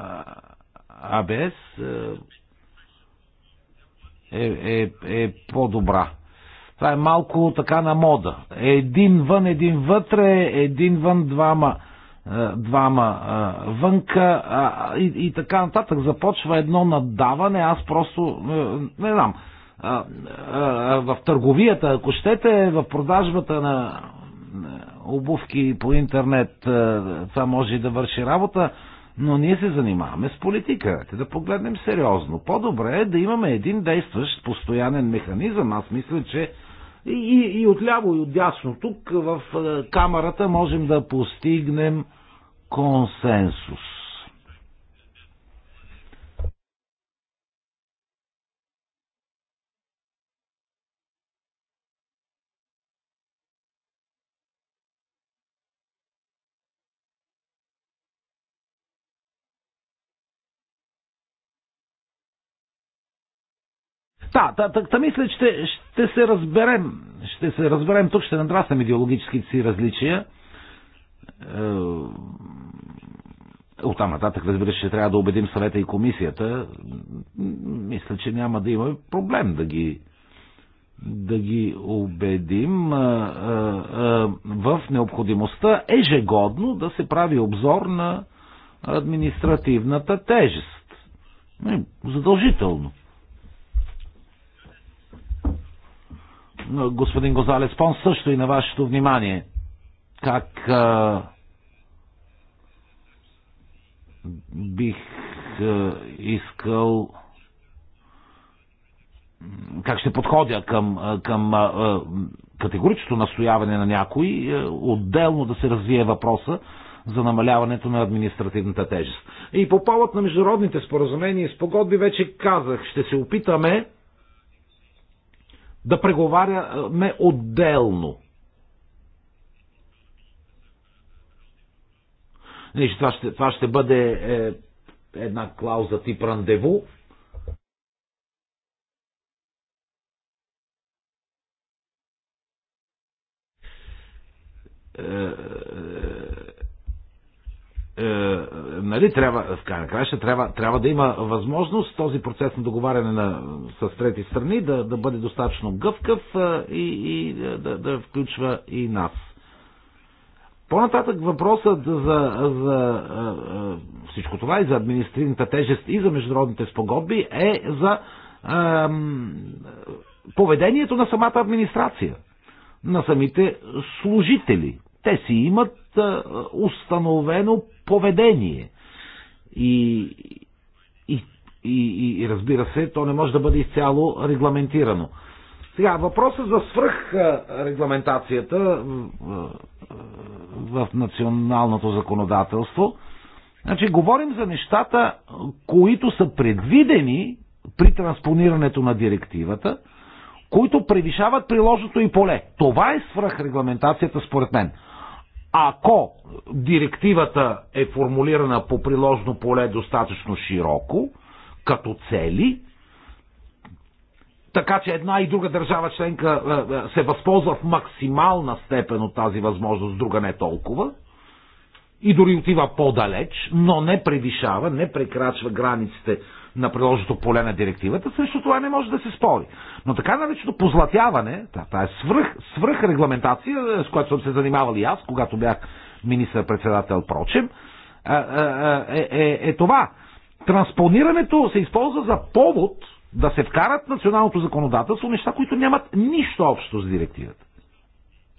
АБС а, е, е, е по-добра. Това е малко така на мода. Един вън, един вътре, един вън, двама, двама вънка и, и така нататък. Започва едно надаване. Аз просто не знам в търговията, ако щете, в продажбата на обувки по интернет, е, това може и да върши работа, но ние се занимаваме с политика. Да погледнем сериозно. По-добре е да имаме един действащ постоянен механизъм. Аз мисля, че и, и отляво, и отдясно тук в е, камерата можем да постигнем консенсус. Да, да, да, да мисля, ще, ще се разберем. Ще се разберем. Тук ще надраснем идеологическите си различия. Е, От там нататък, разбира се, ще трябва да убедим съвета и комисията. Мисля, че няма да имаме проблем да ги, да ги убедим а, а, а, в необходимостта ежегодно да се прави обзор на административната тежест. Е, задължително. господин Гозалес Пон, също и на вашето внимание. Как а, бих а, искал как ще подходя към, към а, категоричното настояване на някой, отделно да се развие въпроса за намаляването на административната тежест. И по повод на международните споразумения и спогодби вече казах, ще се опитаме да преговаряме отделно. Значи, това, ще, това ще бъде е, една клауза тип рандеву. Е, е е, нали, трябва, в крайна краща, трябва, трябва да има възможност този процес на договаряне на, с трети страни да, да бъде достатъчно гъвкав е, и, и да, да включва и нас. По-нататък въпросът за, за е, е, всичко това и за административната тежест и за международните спогодби е за е, поведението на самата администрация, на самите служители – те си имат установено поведение. И, и, и, и разбира се, то не може да бъде изцяло регламентирано. Сега, въпросът за свръхрегламентацията в, в националното законодателство. Значи, говорим за нещата, които са предвидени при транспонирането на директивата, които превишават приложното и поле. Това е свръхрегламентацията, според мен ако директивата е формулирана по приложно поле достатъчно широко, като цели, така че една и друга държава членка е, е, се възползва в максимална степен от тази възможност, друга не толкова, и дори отива по-далеч, но не превишава, не прекрачва границите на приложното поле на директивата, срещу това не може да се спори. Но така нареченото позлатяване, това е свръх, свръх регламентация, е, с която съм се занимавал и аз, когато бях министър-председател, прочем, е, е, е това. Транспонирането се използва за повод да се вкарат националното законодателство неща, които нямат нищо общо с директивата.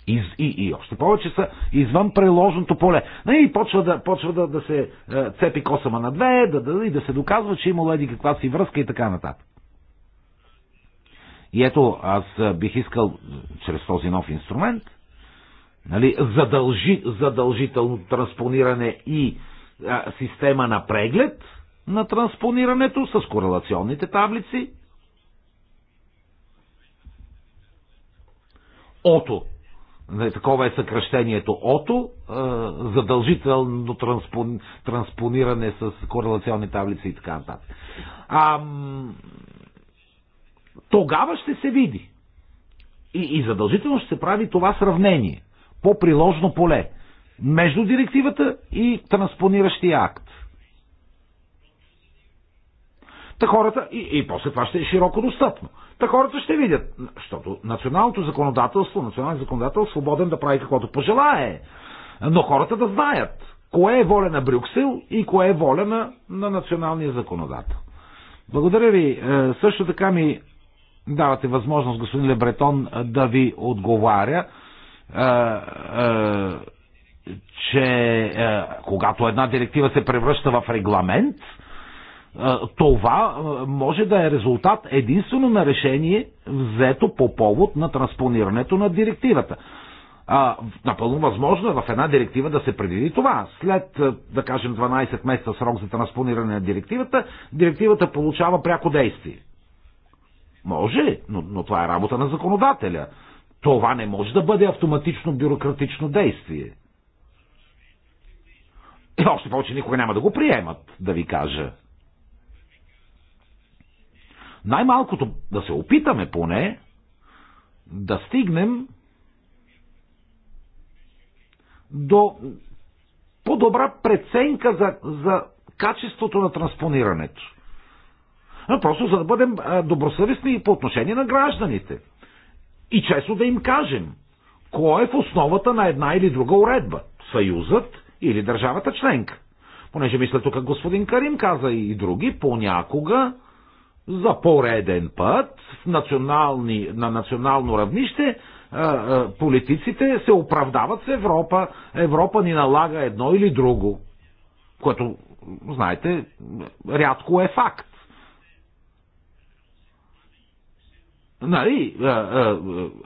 И, и, и още повече са извън приложното поле. И почва да, почва да, да се е, цепи косама на две, да, да, и да се доказва, че има леди каква си връзка и така нататък. И ето, аз е, бих искал е, чрез този нов инструмент нали, задължи, задължително транспониране и а, е, система на преглед на транспонирането с корелационните таблици. Ото Нали, такова е съкръщението ОТО, задължително транспониране с корелационни таблици и така нататък. А, тогава ще се види. И, и задължително ще се прави това сравнение по приложно поле между директивата и транспониращия акт. Та хората и, и после това ще е широко достъпно. Та хората ще видят, защото националното законодателство, националният законодател е свободен да прави каквото пожелае. Но хората да знаят кое е воля на Брюксел и кое е воля на, на националния законодател. Благодаря ви. Е, също така ми давате възможност, господин Лебретон, да ви отговаря, е, е, че когато една директива се превръща в регламент, това може да е резултат единствено на решение взето по повод на транспонирането на директивата. А, напълно възможно е в една директива да се предвиди това. След, да кажем, 12 месеца срок за транспониране на директивата, директивата получава пряко действие. Може, но, но това е работа на законодателя. Това не може да бъде автоматично бюрократично действие. И още повече никога няма да го приемат, да ви кажа. Най-малкото да се опитаме поне да стигнем до по-добра преценка за, за качеството на транспонирането. Но просто за да бъдем добросъвестни и по отношение на гражданите. И често да им кажем, кой е в основата на една или друга уредба – съюзът или държавата членка. Понеже мисля тук господин Карим каза и други, понякога за пореден път в национални, на национално равнище политиците се оправдават с Европа. Европа ни налага едно или друго, което, знаете, рядко е факт. Нали,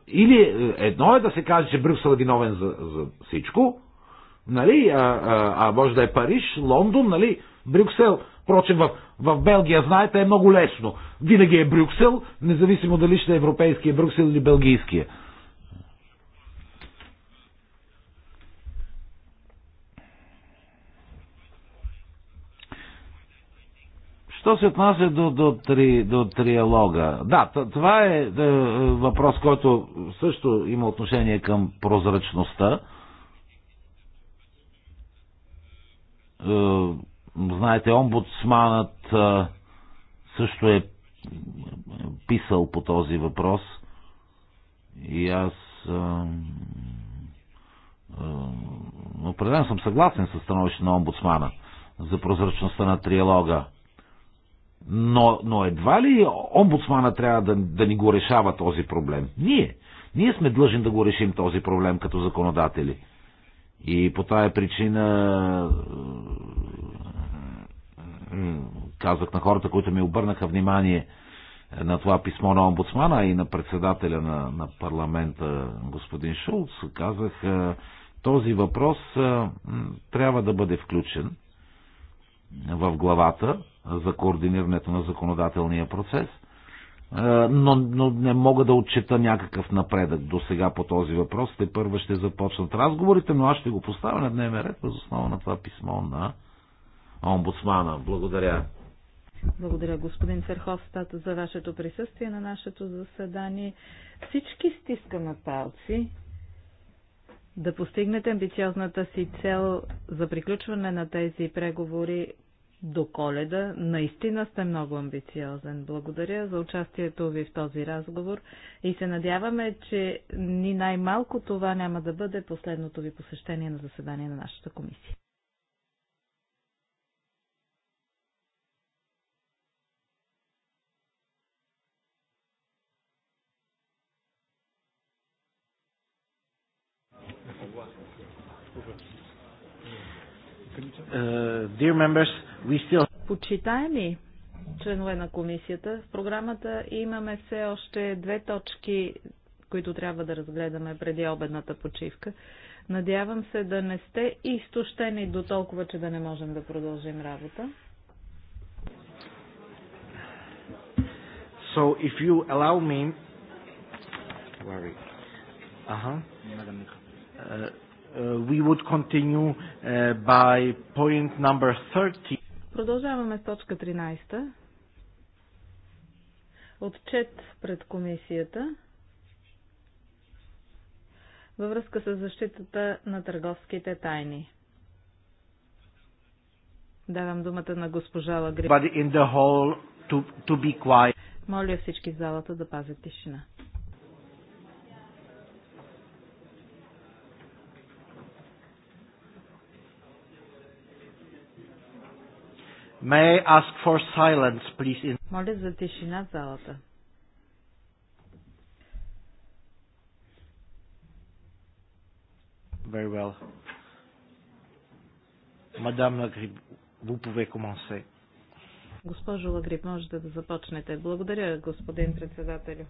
или едно е да се каже, че Брюксел е виновен за, за всичко, нали, а, а, а може да е Париж, Лондон, нали, Брюксел. Впрочем, в, в Белгия, знаете, е много лесно. Винаги е Брюксел, независимо дали ще е европейския Брюксел или белгийския. Що се отнася до, до, три, до триалога? Да, това е, е, въпрос, който също има отношение към прозрачността. Е, Знаете, омбудсманът също е писал по този въпрос и аз определено съм съгласен с становище на омбудсмана за прозрачността на триалога. Но, но едва ли омбудсмана трябва да, да ни го решава този проблем? Ние. Ние сме длъжни да го решим този проблем като законодатели. И по тая причина Казах на хората, които ми обърнаха внимание е, на това писмо на омбудсмана и на председателя на, на парламента господин Шулц, казах, е, този въпрос е, трябва да бъде включен в главата за координирането на законодателния процес, но, но не мога да отчета някакъв напредък до сега по този въпрос. Те първо ще започнат разговорите, но аз ще го поставя на дневен ред въз основа на това писмо на омбудсмана. Благодаря. Благодаря, господин Церховстат, за вашето присъствие на нашето заседание. Всички стискаме палци да постигнете амбициозната си цел за приключване на тези преговори до коледа. Наистина сте много амбициозен. Благодаря за участието ви в този разговор и се надяваме, че ни най-малко това няма да бъде последното ви посещение на заседание на нашата комисия. Dear members, we still... Почитаеми членове на комисията, в програмата имаме все още две точки, които трябва да разгледаме преди обедната почивка. Надявам се да не сте изтощени до толкова, че да не можем да продължим работа. So if you allow me, Uh -huh. uh Uh, we would continue uh, by point number 30. Продължаваме с точка 13. Отчет пред комисията във връзка с защитата на търговските тайни. Давам думата на госпожа Лагри. Моля всички в залата да пазят тишина. May I ask for silence, please? In... Моля за тишина в залата. Very well. Мадам Лагрип, vous pouvez commencer. Госпожо Лагриб, можете да започнете. Благодаря, господин председателю.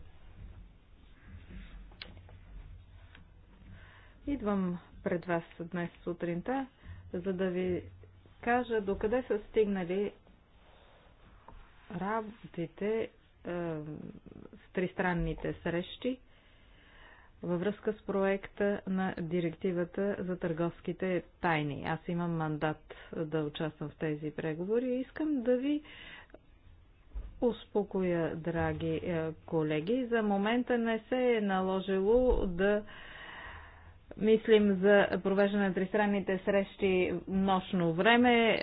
Идвам пред вас днес сутринта, за да ви кажа докъде са стигнали работите е, в тристранните срещи във връзка с проекта на директивата за търговските тайни. Аз имам мандат да участвам в тези преговори и искам да ви успокоя, драги е, колеги. За момента не се е наложило да Мислим за провеждане на тристранните срещи нощно време, е,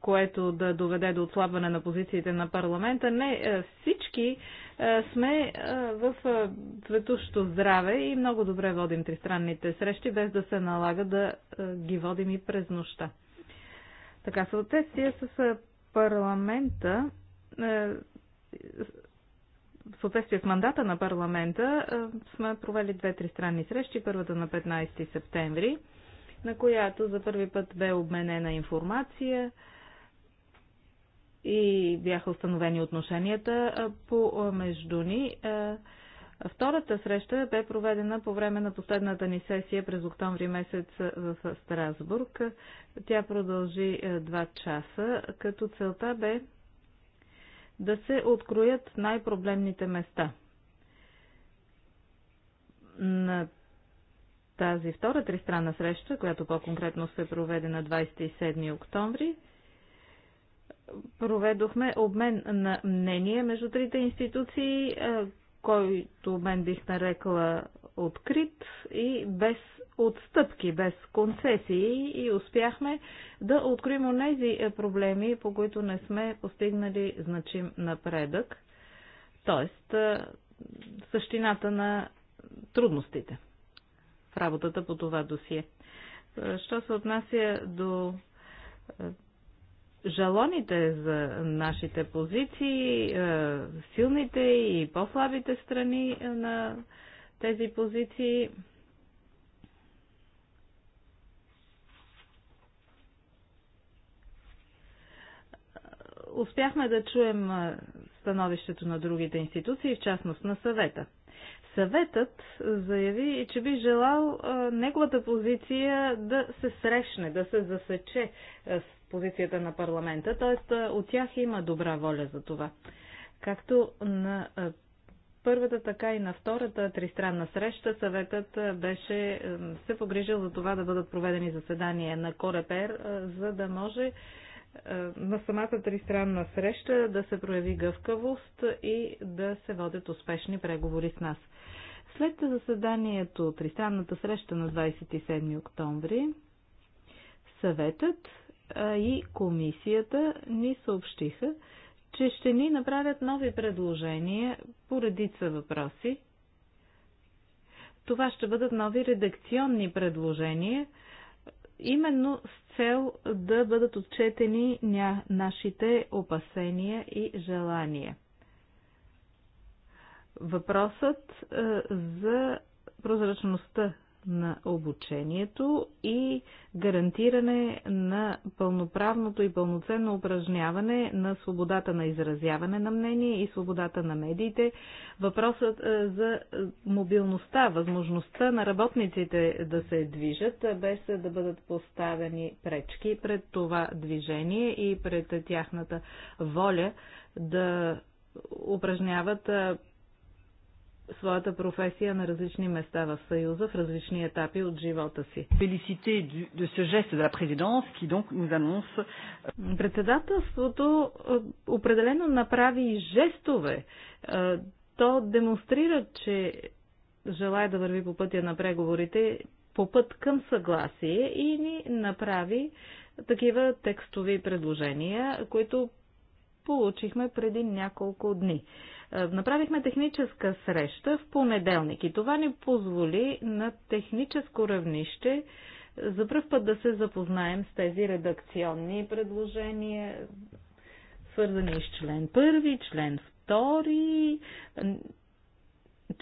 което да доведе до отслабване на позициите на парламента. Не, е, всички е, сме в цветущо здраве и много добре водим тристранните срещи, без да се налага да ги водим и през нощта. Така, съответствие с парламента в съответствие с мандата на парламента сме провели две-три странни срещи. Първата на 15 септември, на която за първи път бе обменена информация и бяха установени отношенията по между ни. Втората среща бе проведена по време на последната ни сесия през октомври месец в Страсбург. Тя продължи два часа, като целта бе да се откроят най-проблемните места. На тази втора тристранна среща, която по-конкретно се проведе на 27 октомври, проведохме обмен на мнение между трите институции, който мен бих нарекла открит и без отстъпки, без концесии и успяхме да открием онези проблеми, по които не сме постигнали значим напредък, т.е. същината на трудностите в работата по това досие. Що се отнася до жалоните за нашите позиции, силните и по-слабите страни на тези позиции, успяхме да чуем становището на другите институции, в частност на съвета. Съветът заяви, че би желал неговата позиция да се срещне, да се засече с позицията на парламента, т.е. от тях има добра воля за това. Както на първата, така и на втората тристранна среща съветът беше се погрижил за това да бъдат проведени заседания на Корепер, за да може е, на самата тристранна среща да се прояви гъвкавост и да се водят успешни преговори с нас. След заседанието, тристранната среща на 27 октомври, съветът и комисията ни съобщиха, че ще ни направят нови предложения по редица въпроси. Това ще бъдат нови редакционни предложения, именно с цел да бъдат отчетени нашите опасения и желания. Въпросът е, за прозрачността на обучението и гарантиране на пълноправното и пълноценно упражняване на свободата на изразяване на мнение и свободата на медиите. Въпросът е, за мобилността, възможността на работниците да се движат, е, без да бъдат поставени пречки пред това движение и пред тяхната воля да упражняват е, своята професия на различни места в Съюза, в различни етапи от живота си. Euh, Председателството е, определено направи и жестове. Е, то демонстрира, че желая да върви по пътя на преговорите, по път към съгласие и ни направи такива текстови предложения, които получихме преди няколко дни. Е, направихме техническа среща в понеделник и това ни позволи на техническо равнище за първ път да се запознаем с тези редакционни предложения, свързани с член 1, член 2.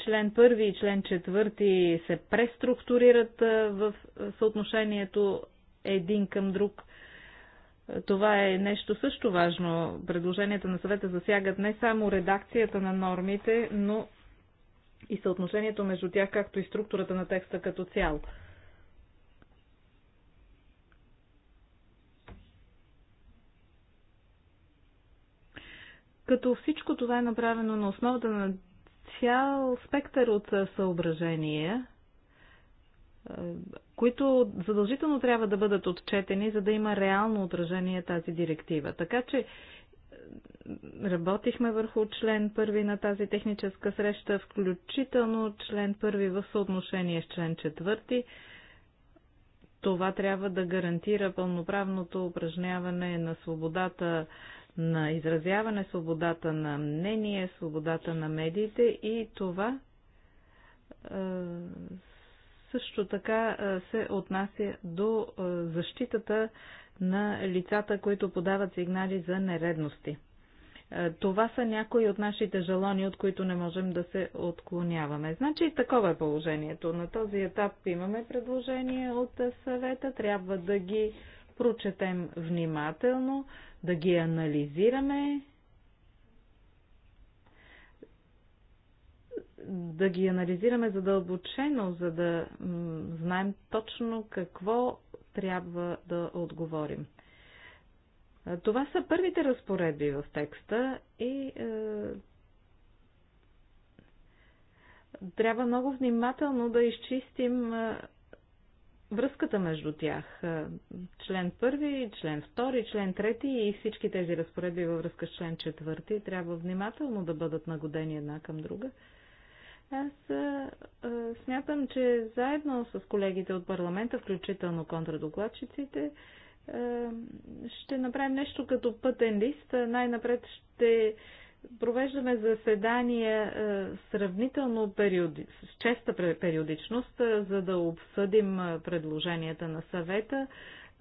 Член 1 и член 4 се преструктурират е, в съотношението един към друг. Това е нещо също важно. Предложенията на съвета засягат не само редакцията на нормите, но и съотношението между тях, както и структурата на текста като цяло. Като всичко това е направено на основата на цял спектър от съображения, които задължително трябва да бъдат отчетени, за да има реално отражение тази директива. Така че е, работихме върху член първи на тази техническа среща, включително член първи в съотношение с член четвърти. Това трябва да гарантира пълноправното упражняване на свободата на изразяване, свободата на мнение, свободата на медиите и това е, също така се отнася до защитата на лицата, които подават сигнали за нередности. Това са някои от нашите желания, от които не можем да се отклоняваме. Значи такова е положението. На този етап имаме предложение от съвета, трябва да ги прочетем внимателно, да ги анализираме да ги анализираме задълбочено, за да знаем точно какво трябва да отговорим. Това са първите разпоредби в текста и е, трябва много внимателно да изчистим е, връзката между тях. Е, член първи, член втори, член трети и всички тези разпоредби във връзка с член четвърти, трябва внимателно да бъдат нагодени една към друга. Е, аз а, смятам, че заедно с колегите от парламента, включително контрадокладчиците, а, ще направим нещо като пътен лист. Най-напред ще провеждаме заседания а, сравнително периоди, с честа периодичност, а, за да обсъдим предложенията на съвета. А,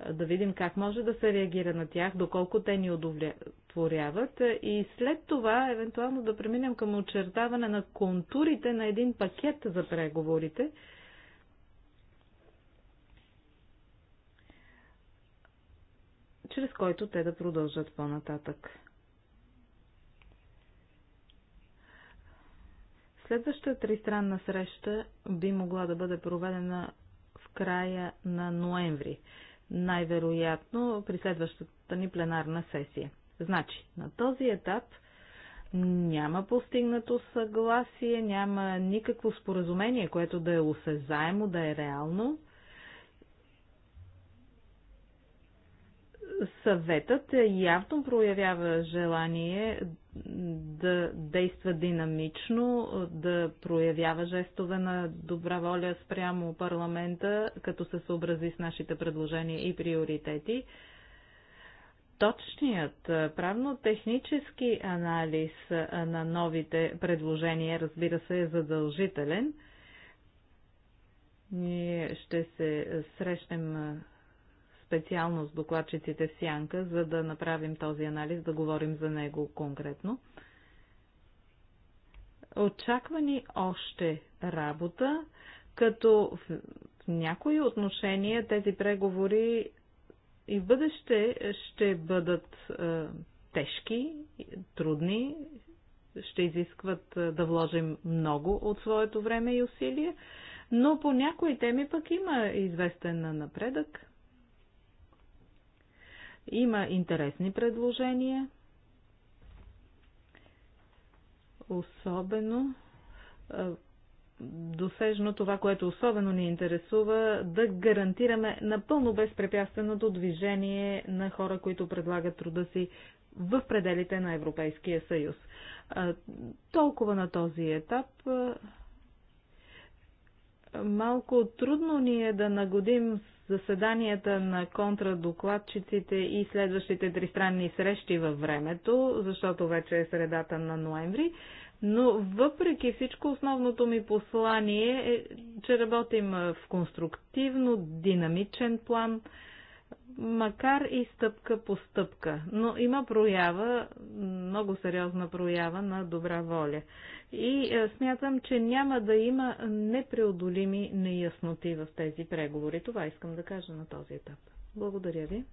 да видим как може да се реагира на тях, доколко те ни удовлетворяват и след това евентуално да преминем към очертаване на контурите на един пакет за преговорите. чрез който те да продължат по-нататък. Следващата тристранна среща би могла да бъде проведена в края на ноември най-вероятно при следващата ни пленарна сесия. Значи, на този етап няма постигнато съгласие, няма никакво споразумение, което да е осезаемо, да е реално. Съветът явно проявява желание да действа динамично, да проявява жестове на добра воля спрямо парламента, като се съобрази с нашите предложения и приоритети. Точният правно-технически анализ на новите предложения, разбира се, е задължителен. Ние ще се срещнем специално с докладчиците в Сянка, за да направим този анализ, да говорим за него конкретно. Очаква ни още работа, като в някои отношения тези преговори и в бъдеще ще бъдат е, тежки, трудни, ще изискват е, да вложим много от своето време и усилие, но по някои теми пък има известен напредък. Има интересни предложения, особено досежно това, което особено ни интересува, да гарантираме напълно безпрепятственото движение на хора, които предлагат труда си в пределите на Европейския съюз. Толкова на този етап. Малко трудно ни е да нагодим заседанията на контрадокладчиците и следващите тристранни срещи във времето, защото вече е средата на ноември. Но въпреки всичко, основното ми послание е, че работим в конструктивно, динамичен план – макар и стъпка по стъпка, но има проява, много сериозна проява на добра воля. И е, смятам, че няма да има непреодолими неясноти в тези преговори. Това искам да кажа на този етап. Благодаря ви.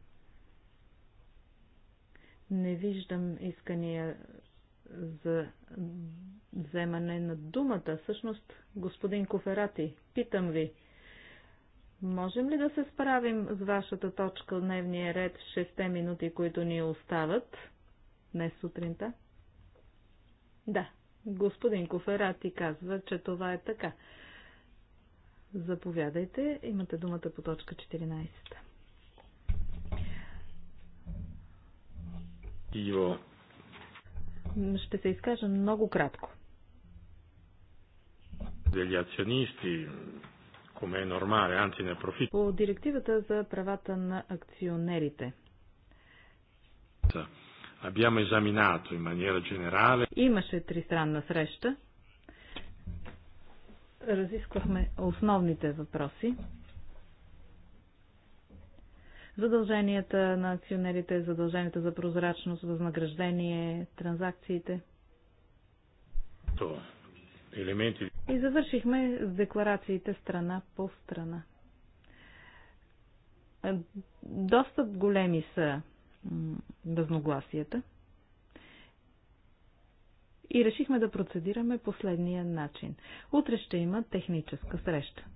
Не виждам искания за вземане на думата. Всъщност, господин Коферати, питам ви, Можем ли да се справим с вашата точка в дневния ред в 6 минути, които ни остават днес сутринта? Да, господин Коферати казва, че това е така. Заповядайте, имате думата по точка 14. Иво. Ще се изкажа много кратко. Делиационисти, come è normale, anzi ne approfitto. По директивата за правата на акционерите. Abbiamo esaminato in maniera generale. Имаше тристранна среща. Разисквахме основните въпроси. Задълженията на акционерите, задълженията за прозрачност, възнаграждение, транзакциите. То, елементи и завършихме с декларациите страна по страна. Е, доста големи са разногласията. И решихме да процедираме последния начин. Утре ще има техническа среща.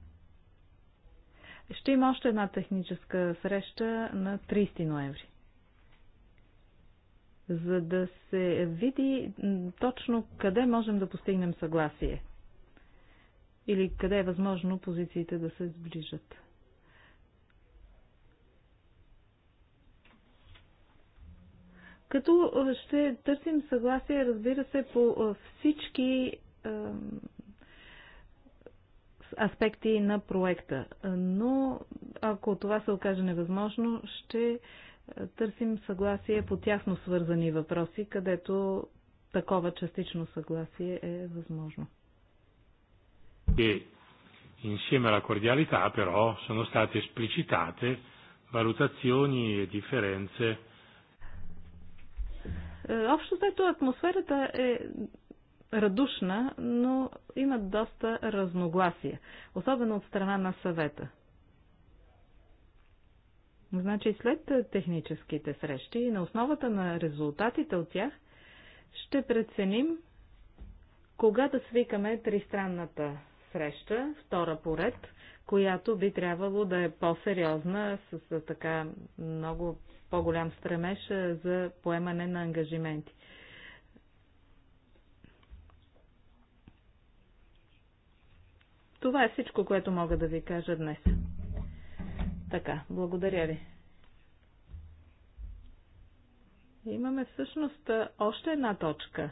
Ще има още една техническа среща на 30 ноември. За да се види точно къде можем да постигнем съгласие или къде е възможно позициите да се сближат. Като ще търсим съгласие, разбира се, по всички аспекти на проекта. Но ако това се окаже невъзможно, ще търсим съгласие по тясно свързани въпроси, където такова частично съгласие е възможно che insieme alla cordialità però sono state esplicitate valutazioni e differenze. Е, общо взето атмосферата е радушна, но има доста разногласия, особено от страна на съвета. Значи след техническите срещи и на основата на резултатите от тях ще преценим кога да свикаме тристранната среща, втора поред, която би трябвало да е по-сериозна, с, с така много по-голям стремеж за поемане на ангажименти. Това е всичко, което мога да ви кажа днес. Така, благодаря ви. Имаме всъщност още една точка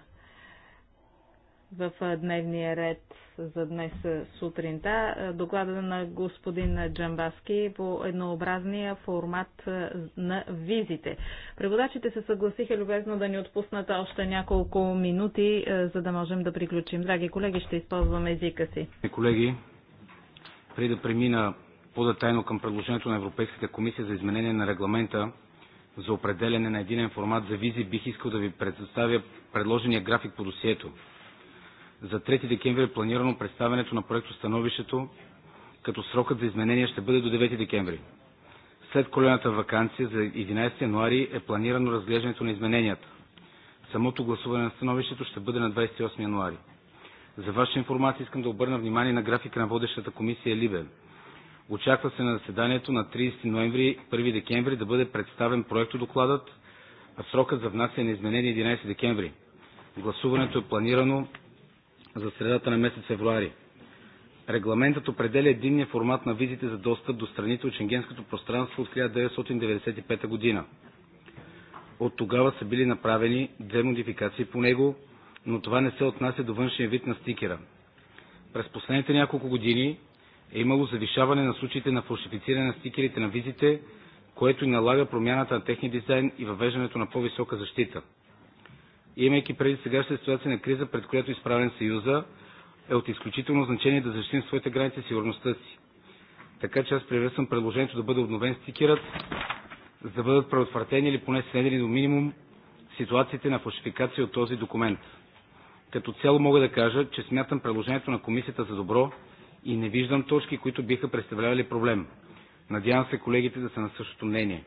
в дневния ред за днес сутринта. Доклада на господин Джамбаски по еднообразния формат на визите. Преводачите се съгласиха любезно да ни отпуснат още няколко минути, за да можем да приключим. Драги колеги, ще използваме езика си. Колеги, преди да премина по-детайно към предложението на Европейската комисия за изменение на регламента за определене на единен формат за визи, бих искал да ви предоставя предложения график по досието. За 3 декември е планирано представянето на становището като срокът за изменение ще бъде до 9 декември. След колената ваканция за 11 януари е планирано разглеждането на измененията. Самото гласуване на становището ще бъде на 28 януари. За ваша информация искам да обърна внимание на графика на водещата комисия Либе. Очаква се на заседанието на 30 ноември и 1 декември да бъде представен проектодокладът, а срокът за внасяне на изменение 11 декември. Гласуването е планирано за средата на месец февруари. Регламентът определя единния формат на визите за достъп до страните от Шенгенското пространство от 1995 година. От тогава са били направени две модификации по него, но това не се отнася до външния вид на стикера. През последните няколко години е имало завишаване на случаите на фалшифициране на стикерите на визите, което и налага промяната на техния дизайн и въвеждането на по-висока защита имайки преди сегашната ситуация на криза, пред която е изправен Съюза, е от изключително значение да защитим своите граници и сигурността си. Така че аз приветствам предложението да бъде обновен стикерът, за да бъдат предотвратени или поне сведени до минимум ситуациите на фалшификация от този документ. Като цяло мога да кажа, че смятам предложението на комисията за добро и не виждам точки, които биха представлявали проблем. Надявам се колегите да са на същото мнение.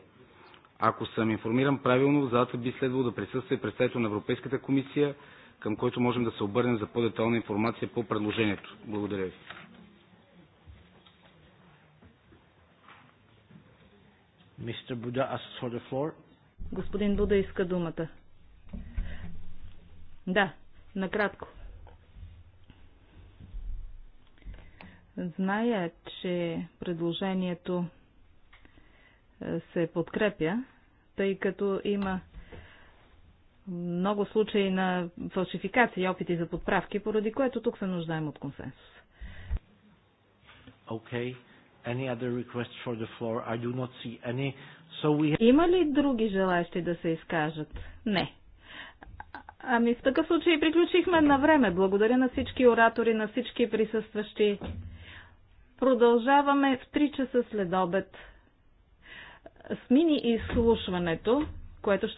Ако съм информиран правилно, в залата би следвало да присъства и представител на Европейската комисия, към който можем да се обърнем за по детална информация по предложението. Благодаря ви. Господин Буда иска думата. Да, накратко. Зная, че предложението се подкрепя, тъй като има много случаи на фалшификации и опити за подправки, поради което тук се нуждаем от консенсус. Okay. Any other for the floor? I do not see any. So we... Има ли други желащи да се изкажат? Не. Ами в такъв случай приключихме на време. Благодаря на всички оратори, на всички присъстващи. Продължаваме в 3 часа след обед смини изслушването, което ще